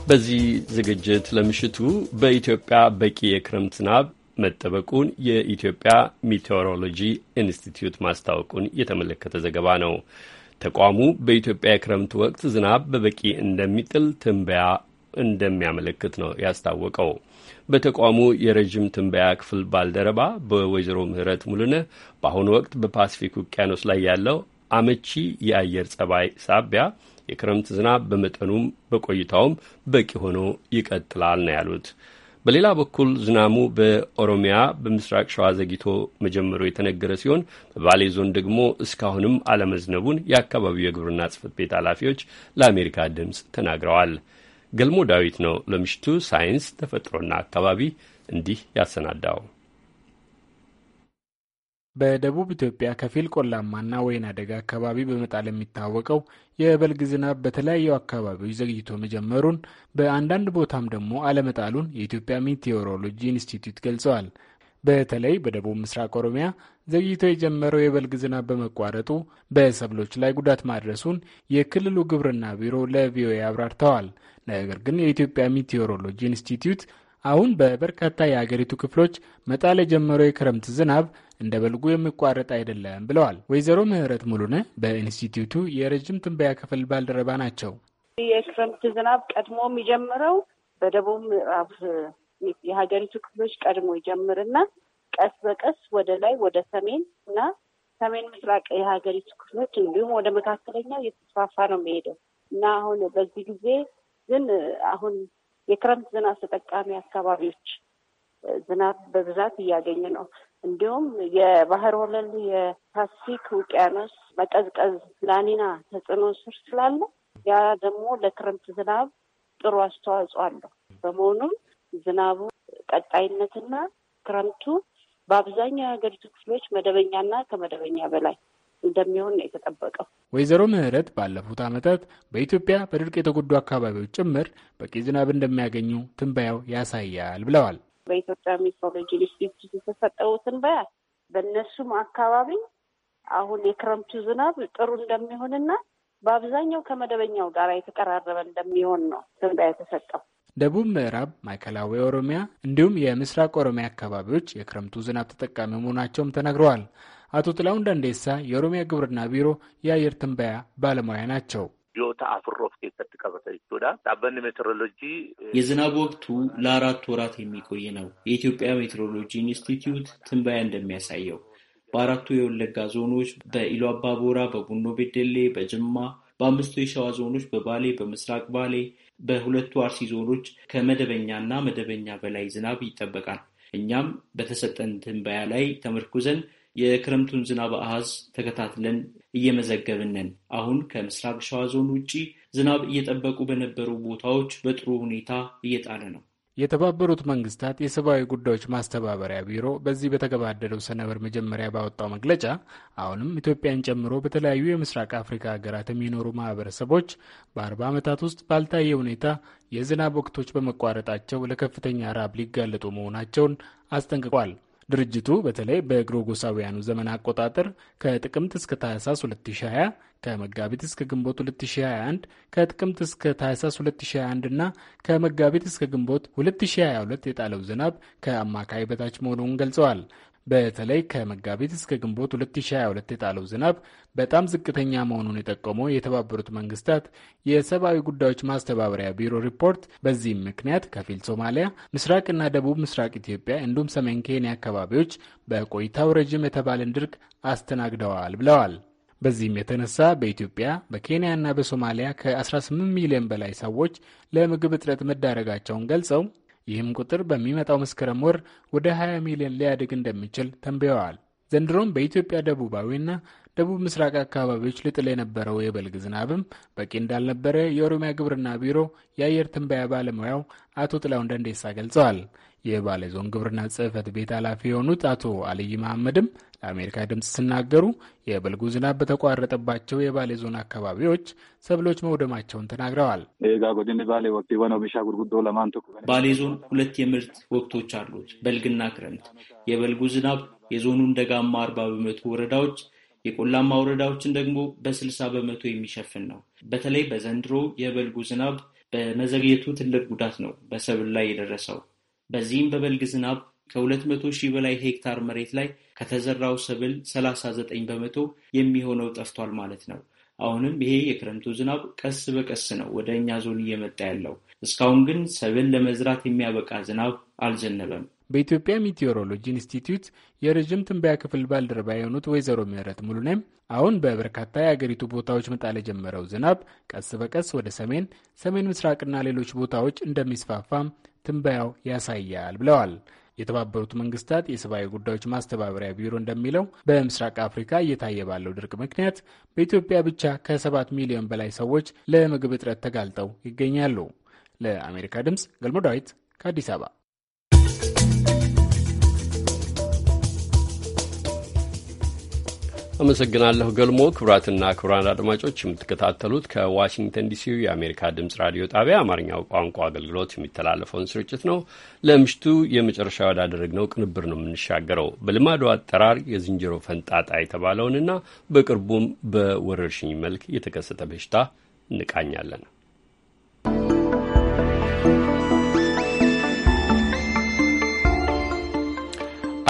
በዚህ ዝግጅት ለምሽቱ በኢትዮጵያ በቂ የክረምት ዝናብ መጠበቁን የኢትዮጵያ ሚቴዎሮሎጂ ኢንስቲትዩት ማስታወቁን የተመለከተ ዘገባ ነው። ተቋሙ በኢትዮጵያ የክረምት ወቅት ዝናብ በበቂ እንደሚጥል ትንበያ እንደሚያመለክት ነው ያስታወቀው። በተቋሙ የረዥም ትንበያ ክፍል ባልደረባ በወይዘሮ ምህረት ሙሉነህ በአሁኑ ወቅት በፓስፊክ ውቅያኖስ ላይ ያለው አመቺ የአየር ጸባይ ሳቢያ የክረምት ዝናብ በመጠኑም በቆይታውም በቂ ሆኖ ይቀጥላል ነው ያሉት። በሌላ በኩል ዝናሙ በኦሮሚያ በምስራቅ ሸዋ ዘግይቶ መጀመሩ የተነገረ ሲሆን በባሌ ዞን ደግሞ እስካሁንም አለመዝነቡን የአካባቢው የግብርና ጽሕፈት ቤት ኃላፊዎች ለአሜሪካ ድምፅ ተናግረዋል። ገልሞ ዳዊት ነው ለምሽቱ ሳይንስ፣ ተፈጥሮና አካባቢ እንዲህ ያሰናዳው። በደቡብ ኢትዮጵያ ከፊል ቆላማና ወይና ደጋ አካባቢ በመጣል የሚታወቀው የበልግ ዝናብ በተለያዩ አካባቢዎች ዘግይቶ መጀመሩን በአንዳንድ ቦታም ደግሞ አለመጣሉን የኢትዮጵያ ሚቴዎሮሎጂ ኢንስቲትዩት ገልጸዋል። በተለይ በደቡብ ምስራቅ ኦሮሚያ ዘግይቶ የጀመረው የበልግ ዝናብ በመቋረጡ በሰብሎች ላይ ጉዳት ማድረሱን የክልሉ ግብርና ቢሮ ለቪኦኤ አብራርተዋል። ነገር ግን የኢትዮጵያ ሚቴዎሮሎጂ ኢንስቲትዩት አሁን በበርካታ የአገሪቱ ክፍሎች መጣል የጀመረው የክረምት ዝናብ እንደ በልጉ የሚቋረጥ አይደለም ብለዋል። ወይዘሮ ምህረት ሙሉነ በኢንስቲትዩቱ የረዥም ትንበያ ክፍል ባልደረባ ናቸው። የክረምት ዝናብ ቀድሞ የሚጀምረው በደቡብ ምዕራብ የሀገሪቱ ክፍሎች ቀድሞ ይጀምርና ቀስ በቀስ ወደ ላይ ወደ ሰሜን እና ሰሜን ምስራቅ የሀገሪቱ ክፍሎች እንዲሁም ወደ መካከለኛው የተስፋፋ ነው የሚሄደው እና አሁን በዚህ ጊዜ ግን አሁን የክረምት ዝናብ ተጠቃሚ አካባቢዎች ዝናብ በብዛት እያገኙ ነው። እንዲሁም የባህር ወለል የፓሲፊክ ውቅያኖስ መቀዝቀዝ ላኒና ተጽዕኖ ስር ስላለ ያ ደግሞ ለክረምት ዝናብ ጥሩ አስተዋጽኦ አለው። በመሆኑም ዝናቡ ቀጣይነትና ክረምቱ በአብዛኛው የሀገሪቱ ክፍሎች መደበኛና ከመደበኛ በላይ እንደሚሆን ነው የተጠበቀው። ወይዘሮ ምህረት ባለፉት ዓመታት በኢትዮጵያ በድርቅ የተጎዱ አካባቢዎች ጭምር በቂ ዝናብ እንደሚያገኙ ትንበያው ያሳያል ብለዋል። በኢትዮጵያ ሚትሮሎጂ ኢንስቲትዩት የተሰጠው ትንበያ በእነሱም አካባቢ አሁን የክረምቱ ዝናብ ጥሩ እንደሚሆንና በአብዛኛው ከመደበኛው ጋር የተቀራረበ እንደሚሆን ነው ትንበያ የተሰጠው። ደቡብ ምዕራብ፣ ማዕከላዊ ኦሮሚያ እንዲሁም የምስራቅ ኦሮሚያ አካባቢዎች የክረምቱ ዝናብ ተጠቃሚ መሆናቸውም ተነግረዋል። አቶ ጥላሁን ዳንዴሳ የኦሮሚያ ግብርና ቢሮ የአየር ትንበያ ባለሙያ ናቸው። የዝናብ ወቅቱ ለአራት ወራት የሚቆይ ነው። የኢትዮጵያ ሜትሮሎጂ ኢንስቲትዩት ትንበያ እንደሚያሳየው በአራቱ የወለጋ ዞኖች በኢሉ አባቦራ፣ በቡኖ ቤደሌ፣ በጅማ በአምስቱ የሸዋ ዞኖች በባሌ፣ በምስራቅ ባሌ፣ በሁለቱ አርሲ ዞኖች ከመደበኛና መደበኛ በላይ ዝናብ ይጠበቃል። እኛም በተሰጠን ትንበያ ላይ ተመርኩዘን የክረምቱን ዝናብ አሃዝ ተከታትለን እየመዘገብንን አሁን ከምስራቅ ሸዋ ዞን ውጪ ዝናብ እየጠበቁ በነበሩ ቦታዎች በጥሩ ሁኔታ እየጣለ ነው። የተባበሩት መንግስታት የሰብአዊ ጉዳዮች ማስተባበሪያ ቢሮ በዚህ በተገባደደው ሰነበር መጀመሪያ ባወጣው መግለጫ አሁንም ኢትዮጵያን ጨምሮ በተለያዩ የምስራቅ አፍሪካ ሀገራት የሚኖሩ ማህበረሰቦች በአርባ ዓመታት ውስጥ ባልታየ ሁኔታ የዝናብ ወቅቶች በመቋረጣቸው ለከፍተኛ ራብ ሊጋለጡ መሆናቸውን አስጠንቅቋል። ድርጅቱ በተለይ በግሮጎሳውያኑ ዘመን አቆጣጠር ከጥቅምት እስከ ታህሳስ 2020፣ ከመጋቢት እስከ ግንቦት 2021፣ ከጥቅምት እስከ ታህሳስ 2021 እና ከመጋቢት እስከ ግንቦት 2022 የጣለው ዝናብ ከአማካይ በታች መሆኑን ገልጸዋል። በተለይ ከመጋቢት እስከ ግንቦት 2022 የጣለው ዝናብ በጣም ዝቅተኛ መሆኑን የጠቆመው የተባበሩት መንግስታት የሰብአዊ ጉዳዮች ማስተባበሪያ ቢሮ ሪፖርት በዚህም ምክንያት ከፊል ሶማሊያ፣ ምስራቅና ደቡብ ምስራቅ ኢትዮጵያ እንዲሁም ሰሜን ኬንያ አካባቢዎች በቆይታው ረዥም የተባለን ድርቅ አስተናግደዋል ብለዋል። በዚህም የተነሳ በኢትዮጵያ በኬንያና በሶማሊያ ከ18 ሚሊዮን በላይ ሰዎች ለምግብ እጥረት መዳረጋቸውን ገልጸው ይህም ቁጥር በሚመጣው መስከረም ወር ወደ 20 ሚሊዮን ሊያድግ እንደሚችል ተንብየዋል። ዘንድሮም በኢትዮጵያ ደቡባዊና ደቡብ ምስራቅ አካባቢዎች ልጥል የነበረው የበልግ ዝናብም በቂ እንዳልነበረ የኦሮሚያ ግብርና ቢሮ የአየር ትንበያ ባለሙያው አቶ ጥላው እንደንዴሳ ገልጸዋል። የባሌዞን ግብርና ጽህፈት ቤት ኃላፊ የሆኑት አቶ አልይ መሐመድም ለአሜሪካ ድምፅ ሲናገሩ የበልጉ ዝናብ በተቋረጠባቸው የባሌዞን አካባቢዎች ሰብሎች መውደማቸውን ተናግረዋል። ባሌዞን ሁለት የምርት ወቅቶች አሉት፣ በልግና ክረምት። የበልጉ ዝናብ የዞኑን ደጋማ አርባ በመቶ ወረዳዎች የቆላማ ወረዳዎችን ደግሞ በስልሳ በመቶ የሚሸፍን ነው። በተለይ በዘንድሮ የበልጉ ዝናብ በመዘግየቱ ትልቅ ጉዳት ነው በሰብል ላይ የደረሰው። በዚህም በበልግ ዝናብ ከ200 ሺህ በላይ ሄክታር መሬት ላይ ከተዘራው ሰብል 39 በመቶ የሚሆነው ጠፍቷል ማለት ነው። አሁንም ይሄ የክረምቱ ዝናብ ቀስ በቀስ ነው ወደ እኛ ዞን እየመጣ ያለው። እስካሁን ግን ሰብል ለመዝራት የሚያበቃ ዝናብ አልዘነበም። በኢትዮጵያ ሚቴዎሮሎጂ ኢንስቲትዩት የረዥም ትንበያ ክፍል ባልደረባ የሆኑት ወይዘሮ ምህረት ሙሉኔም አሁን በበርካታ የአገሪቱ ቦታዎች መጣል የጀመረው ዝናብ ቀስ በቀስ ወደ ሰሜን፣ ሰሜን ምስራቅና ሌሎች ቦታዎች እንደሚስፋፋም ትንበያው ያሳያል ብለዋል። የተባበሩት መንግስታት የሰብአዊ ጉዳዮች ማስተባበሪያ ቢሮ እንደሚለው በምስራቅ አፍሪካ እየታየ ባለው ድርቅ ምክንያት በኢትዮጵያ ብቻ ከሰባት ሚሊዮን በላይ ሰዎች ለምግብ እጥረት ተጋልጠው ይገኛሉ። ለአሜሪካ ድምፅ ገልሞ ዳዊት ከአዲስ አበባ አመሰግናለሁ ገልሞ። ክቡራትና ክቡራን አድማጮች የምትከታተሉት ከዋሽንግተን ዲሲ የአሜሪካ ድምጽ ራዲዮ ጣቢያ አማርኛው ቋንቋ አገልግሎት የሚተላለፈውን ስርጭት ነው። ለምሽቱ የመጨረሻ ወዳደረግነው ቅንብር ነው የምንሻገረው። በልማዱ አጠራር የዝንጀሮ ፈንጣጣ የተባለውንና በቅርቡም በወረርሽኝ መልክ የተከሰተ በሽታ እንቃኛለን።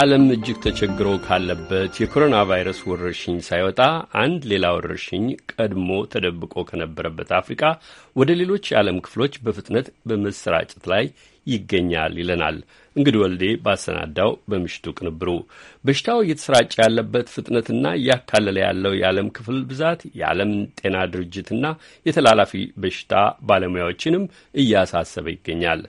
ዓለም እጅግ ተቸግሮ ካለበት የኮሮና ቫይረስ ወረርሽኝ ሳይወጣ አንድ ሌላ ወረርሽኝ ቀድሞ ተደብቆ ከነበረበት አፍሪካ ወደ ሌሎች የዓለም ክፍሎች በፍጥነት በመሰራጨት ላይ ይገኛል ይለናል እንግዲህ ወልዴ ባሰናዳው በምሽቱ ቅንብሩ። በሽታው እየተሰራጨ ያለበት ፍጥነትና እያካለለ ያለው የዓለም ክፍል ብዛት የዓለም ጤና ድርጅትና የተላላፊ በሽታ ባለሙያዎችንም እያሳሰበ ይገኛል።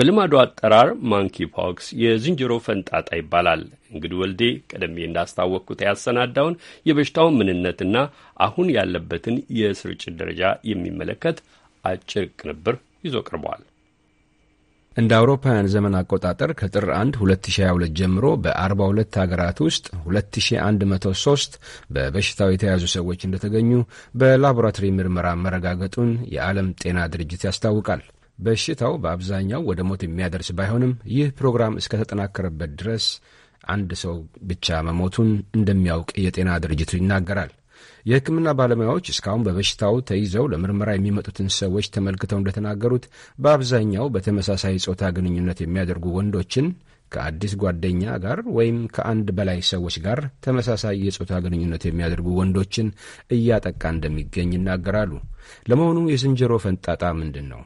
በልማዱ አጠራር ማንኪ ፖክስ የዝንጀሮ ፈንጣጣ ይባላል። እንግዲህ ወልዴ ቀደሜ እንዳስታወቅኩት ያሰናዳውን የበሽታውን ምንነትና አሁን ያለበትን የስርጭት ደረጃ የሚመለከት አጭር ቅንብር ይዞ ቀርቧል። እንደ አውሮፓውያን ዘመን አቆጣጠር ከጥር 1 2022 ጀምሮ በ42 ሀገራት ውስጥ 2103 በበሽታው የተያዙ ሰዎች እንደተገኙ በላቦራቶሪ ምርመራ መረጋገጡን የዓለም ጤና ድርጅት ያስታውቃል። በሽታው በአብዛኛው ወደ ሞት የሚያደርስ ባይሆንም ይህ ፕሮግራም እስከተጠናከረበት ድረስ አንድ ሰው ብቻ መሞቱን እንደሚያውቅ የጤና ድርጅቱ ይናገራል። የሕክምና ባለሙያዎች እስካሁን በበሽታው ተይዘው ለምርመራ የሚመጡትን ሰዎች ተመልክተው እንደተናገሩት በአብዛኛው በተመሳሳይ ጾታ ግንኙነት የሚያደርጉ ወንዶችን ከአዲስ ጓደኛ ጋር ወይም ከአንድ በላይ ሰዎች ጋር ተመሳሳይ የጾታ ግንኙነት የሚያደርጉ ወንዶችን እያጠቃ እንደሚገኝ ይናገራሉ። ለመሆኑ የዝንጀሮ ፈንጣጣ ምንድን ነው?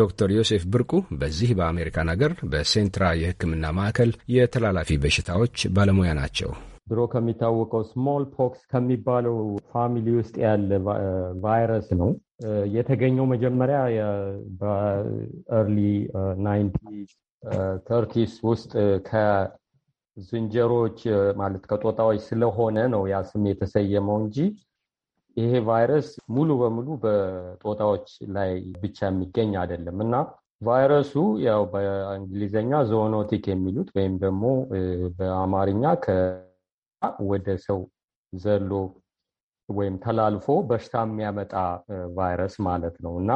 ዶክተር ዮሴፍ ብርቁ በዚህ በአሜሪካን አገር በሴንትራ የሕክምና ማዕከል የተላላፊ በሽታዎች ባለሙያ ናቸው። ድሮ ከሚታወቀው ስሞል ፖክስ ከሚባለው ፋሚሊ ውስጥ ያለ ቫይረስ ነው የተገኘው። መጀመሪያ በርሊ ናይንቲ ተርቲስ ውስጥ ከዝንጀሮች ማለት ከጦጣዎች ስለሆነ ነው ያ ስም የተሰየመው እንጂ ይሄ ቫይረስ ሙሉ በሙሉ በጦጣዎች ላይ ብቻ የሚገኝ አይደለም እና ቫይረሱ ያው በእንግሊዝኛ ዞኖቲክ የሚሉት ወይም ደግሞ በአማርኛ ወደ ሰው ዘሎ ወይም ተላልፎ በሽታ የሚያመጣ ቫይረስ ማለት ነው እና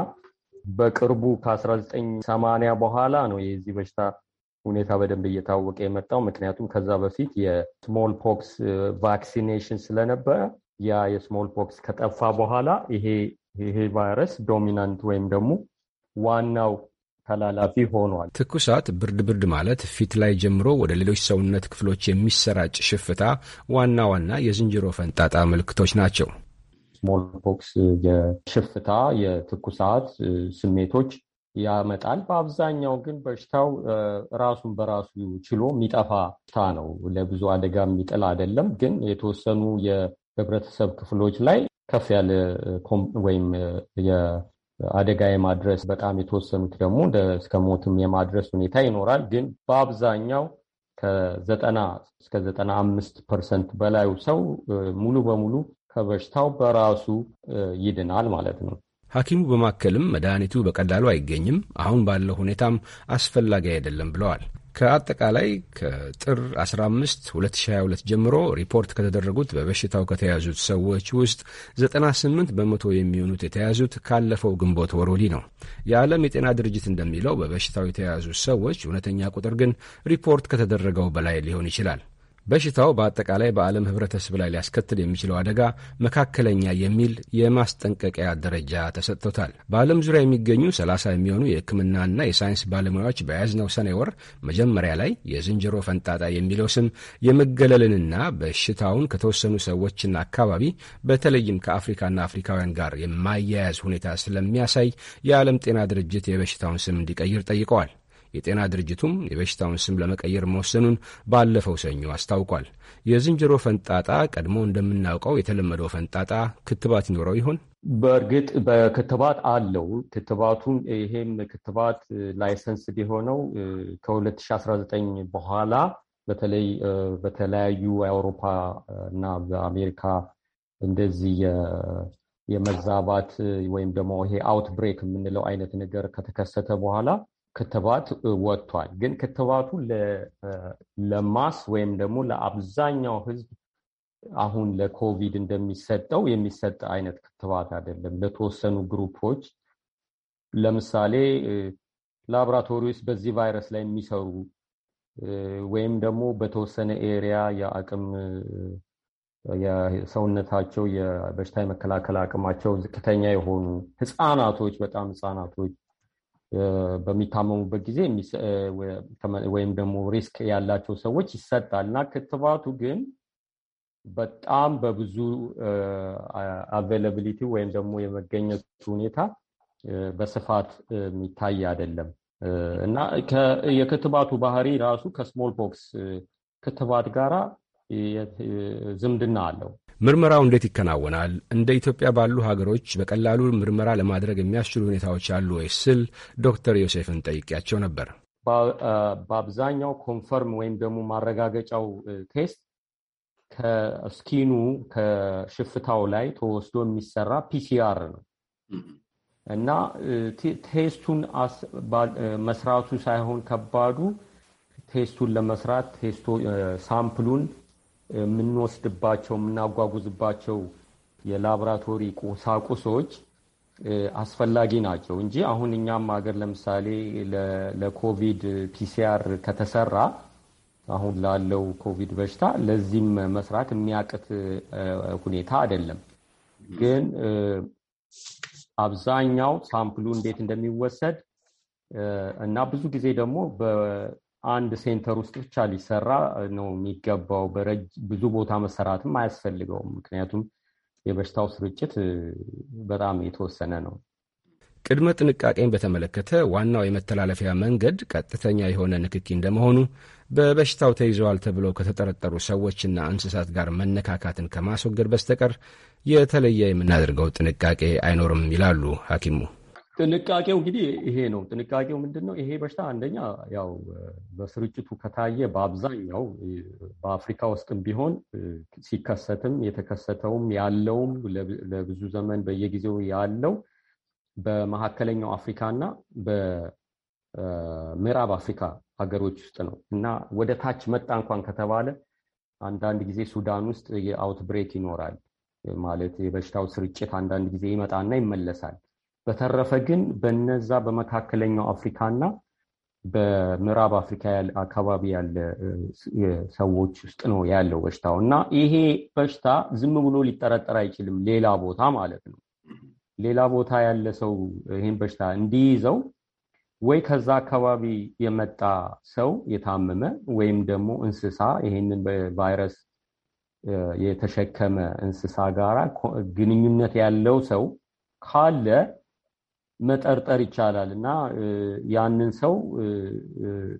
በቅርቡ ከ1980 በኋላ ነው የዚህ በሽታ ሁኔታ በደንብ እየታወቀ የመጣው። ምክንያቱም ከዛ በፊት የስሞል ፖክስ ቫክሲኔሽን ስለነበረ ያ የስሞል ፖክስ ከጠፋ በኋላ ይሄ ቫይረስ ዶሚናንት ወይም ደግሞ ዋናው ተላላፊ ሆኗል። ትኩሳት፣ ብርድ ብርድ ማለት፣ ፊት ላይ ጀምሮ ወደ ሌሎች ሰውነት ክፍሎች የሚሰራጭ ሽፍታ ዋና ዋና የዝንጀሮ ፈንጣጣ ምልክቶች ናቸው። ስሞልፖክስ የሽፍታ የትኩሳት ስሜቶች ያመጣል። በአብዛኛው ግን በሽታው ራሱን በራሱ ችሎ የሚጠፋ ሽታ ነው። ለብዙ አደጋ የሚጥል አይደለም። ግን የተወሰኑ የህብረተሰብ ክፍሎች ላይ ከፍ ያለ ወይም አደጋ የማድረስ በጣም የተወሰኑት ደግሞ እስከ ሞትም የማድረስ ሁኔታ ይኖራል። ግን በአብዛኛው ከዘጠና እስከ ዘጠና አምስት ፐርሰንት በላዩ ሰው ሙሉ በሙሉ ከበሽታው በራሱ ይድናል ማለት ነው። ሐኪሙ በማከልም መድኃኒቱ በቀላሉ አይገኝም፣ አሁን ባለው ሁኔታም አስፈላጊ አይደለም ብለዋል። ከአጠቃላይ ከጥር 15 2022 ጀምሮ ሪፖርት ከተደረጉት በበሽታው ከተያዙት ሰዎች ውስጥ 98 በመቶ የሚሆኑት የተያዙት ካለፈው ግንቦት ወር ወዲህ ነው። የዓለም የጤና ድርጅት እንደሚለው በበሽታው የተያዙ ሰዎች እውነተኛ ቁጥር ግን ሪፖርት ከተደረገው በላይ ሊሆን ይችላል። በሽታው በአጠቃላይ በዓለም ህብረተሰብ ላይ ሊያስከትል የሚችለው አደጋ መካከለኛ የሚል የማስጠንቀቂያ ደረጃ ተሰጥቶታል። በዓለም ዙሪያ የሚገኙ 30 የሚሆኑ የሕክምናና የሳይንስ ባለሙያዎች በያዝነው ሰኔ ወር መጀመሪያ ላይ የዝንጀሮ ፈንጣጣ የሚለው ስም የመገለልንና በሽታውን ከተወሰኑ ሰዎችና አካባቢ በተለይም ከአፍሪካና አፍሪካውያን ጋር የማያያዝ ሁኔታ ስለሚያሳይ የዓለም ጤና ድርጅት የበሽታውን ስም እንዲቀይር ጠይቀዋል። የጤና ድርጅቱም የበሽታውን ስም ለመቀየር መወሰኑን ባለፈው ሰኞ አስታውቋል። የዝንጀሮ ፈንጣጣ ቀድሞ እንደምናውቀው የተለመደው ፈንጣጣ ክትባት ይኖረው ይሆን? በእርግጥ በክትባት አለው። ክትባቱም ይሄም ክትባት ላይሰንስ የሆነው ከ2019 በኋላ በተለይ በተለያዩ አውሮፓ እና በአሜሪካ እንደዚህ የመዛባት ወይም ደግሞ ይሄ አውትብሬክ የምንለው አይነት ነገር ከተከሰተ በኋላ ክትባት ወጥቷል። ግን ክትባቱ ለማስ ወይም ደግሞ ለአብዛኛው ህዝብ አሁን ለኮቪድ እንደሚሰጠው የሚሰጥ አይነት ክትባት አይደለም። ለተወሰኑ ግሩፖች ለምሳሌ ላቦራቶሪ ውስጥ በዚህ ቫይረስ ላይ የሚሰሩ ወይም ደግሞ በተወሰነ ኤሪያ የአቅም የሰውነታቸው የበሽታ የመከላከል አቅማቸው ዝቅተኛ የሆኑ ህፃናቶች፣ በጣም ህፃናቶች በሚታመሙበት ጊዜ ወይም ደግሞ ሪስክ ያላቸው ሰዎች ይሰጣል እና ክትባቱ ግን በጣም በብዙ አቬላብሊቲ ወይም ደግሞ የመገኘቱ ሁኔታ በስፋት የሚታይ አይደለም እና የክትባቱ ባህሪ ራሱ ከስሞል ቦክስ ክትባት ጋራ ዝምድና አለው ምርመራው እንዴት ይከናወናል? እንደ ኢትዮጵያ ባሉ ሀገሮች በቀላሉ ምርመራ ለማድረግ የሚያስችሉ ሁኔታዎች አሉ ወይ ስል ዶክተር ዮሴፍን ጠይቄያቸው ነበር። በአብዛኛው ኮንፈርም ወይም ደግሞ ማረጋገጫው ቴስት ከስኪኑ ከሽፍታው ላይ ተወስዶ የሚሰራ ፒሲአር ነው እና ቴስቱን መስራቱ ሳይሆን ከባዱ ቴስቱን ለመስራት ቴስቱ ሳምፕሉን የምንወስድባቸው የምናጓጉዝባቸው የላቦራቶሪ ቁሳቁሶች አስፈላጊ ናቸው እንጂ አሁን እኛም ሀገር ለምሳሌ ለኮቪድ ፒሲአር ከተሰራ አሁን ላለው ኮቪድ በሽታ ለዚህም መስራት የሚያቅት ሁኔታ አይደለም። ግን አብዛኛው ሳምፕሉ እንዴት እንደሚወሰድ እና ብዙ ጊዜ ደግሞ አንድ ሴንተር ውስጥ ብቻ ሊሰራ ነው የሚገባው። ብዙ ቦታ መሰራትም አያስፈልገውም። ምክንያቱም የበሽታው ስርጭት በጣም የተወሰነ ነው። ቅድመ ጥንቃቄን በተመለከተ ዋናው የመተላለፊያ መንገድ ቀጥተኛ የሆነ ንክኪ እንደመሆኑ በበሽታው ተይዘዋል ተብለው ከተጠረጠሩ ሰዎችና እንስሳት ጋር መነካካትን ከማስወገድ በስተቀር የተለየ የምናደርገው ጥንቃቄ አይኖርም ይላሉ ሐኪሙ። ጥንቃቄው እንግዲህ ይሄ ነው። ጥንቃቄው ምንድን ነው? ይሄ በሽታ አንደኛ ያው በስርጭቱ ከታየ በአብዛኛው በአፍሪካ ውስጥም ቢሆን ሲከሰትም የተከሰተውም ያለውም ለብዙ ዘመን በየጊዜው ያለው በመካከለኛው አፍሪካ እና በምዕራብ አፍሪካ ሀገሮች ውስጥ ነው እና ወደ ታች መጣ እንኳን ከተባለ አንዳንድ ጊዜ ሱዳን ውስጥ የአውትብሬክ ይኖራል። ማለት የበሽታው ስርጭት አንዳንድ ጊዜ ይመጣና ይመለሳል። በተረፈ ግን በነዛ በመካከለኛው እና በምዕራብ አፍሪካ አካባቢ ያለ ሰዎች ውስጥ ነው ያለው በሽታው እና ይሄ በሽታ ዝም ብሎ ሊጠረጠር አይችልም። ሌላ ቦታ ማለት ነው። ሌላ ቦታ ያለ ሰው ይህን በሽታ እንዲይዘው ወይ ከዛ አካባቢ የመጣ ሰው የታመመ ወይም ደግሞ እንስሳ ይህንን ቫይረስ የተሸከመ እንስሳ ጋራ ግንኙነት ያለው ሰው ካለ መጠርጠር ይቻላል እና ያንን ሰው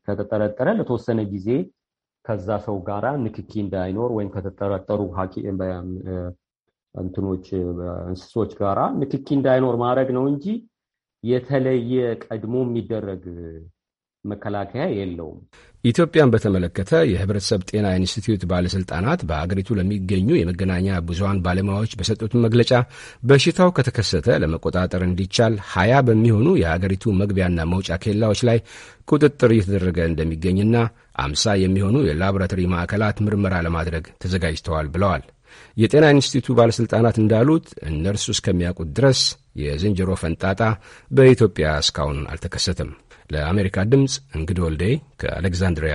ከተጠረጠረ ለተወሰነ ጊዜ ከዛ ሰው ጋራ ንክኪ እንዳይኖር ወይም ከተጠረጠሩ እንትኖች እንስሶች ጋራ ንክኪ እንዳይኖር ማድረግ ነው እንጂ የተለየ ቀድሞ የሚደረግ መከላከያ የለውም። ኢትዮጵያን በተመለከተ የህብረተሰብ ጤና ኢንስቲትዩት ባለሥልጣናት በአገሪቱ ለሚገኙ የመገናኛ ብዙሀን ባለሙያዎች በሰጡት መግለጫ በሽታው ከተከሰተ ለመቆጣጠር እንዲቻል ሀያ በሚሆኑ የአገሪቱ መግቢያና መውጫ ኬላዎች ላይ ቁጥጥር እየተደረገ እንደሚገኝና አምሳ የሚሆኑ የላቦራቶሪ ማዕከላት ምርመራ ለማድረግ ተዘጋጅተዋል ብለዋል። የጤና ኢንስቲትዩቱ ባለሥልጣናት እንዳሉት እነርሱ እስከሚያውቁት ድረስ የዝንጀሮ ፈንጣጣ በኢትዮጵያ እስካሁን አልተከሰተም። ለአሜሪካ ድምፅ እንግድ ወልዴ ከአሌክዛንድሪያ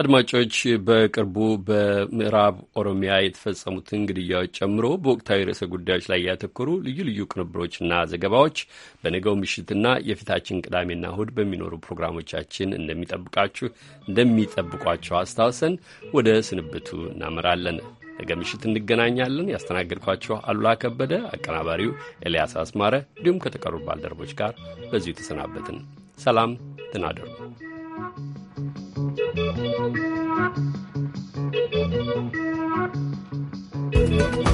አድማጮች በቅርቡ በምዕራብ ኦሮሚያ የተፈጸሙትን ግድያዎች ጨምሮ በወቅታዊ ርዕሰ ጉዳዮች ላይ ያተኮሩ ልዩ ልዩ ቅንብሮችና ዘገባዎች በነገው ምሽትና የፊታችን ቅዳሜና እሁድ በሚኖሩ ፕሮግራሞቻችን እንደሚጠብቃችሁ እንደሚጠብቋቸው አስታውሰን ወደ ስንብቱ እናመራለን። ነገ ምሽት እንገናኛለን። ያስተናገድኳቸው አሉላ ከበደ፣ አቀናባሪው ኤልያስ አስማረ እንዲሁም ከተቀሩ ባልደረቦች ጋር በዚሁ ተሰናበትን። ሰላም ትናደሩ። Thank you.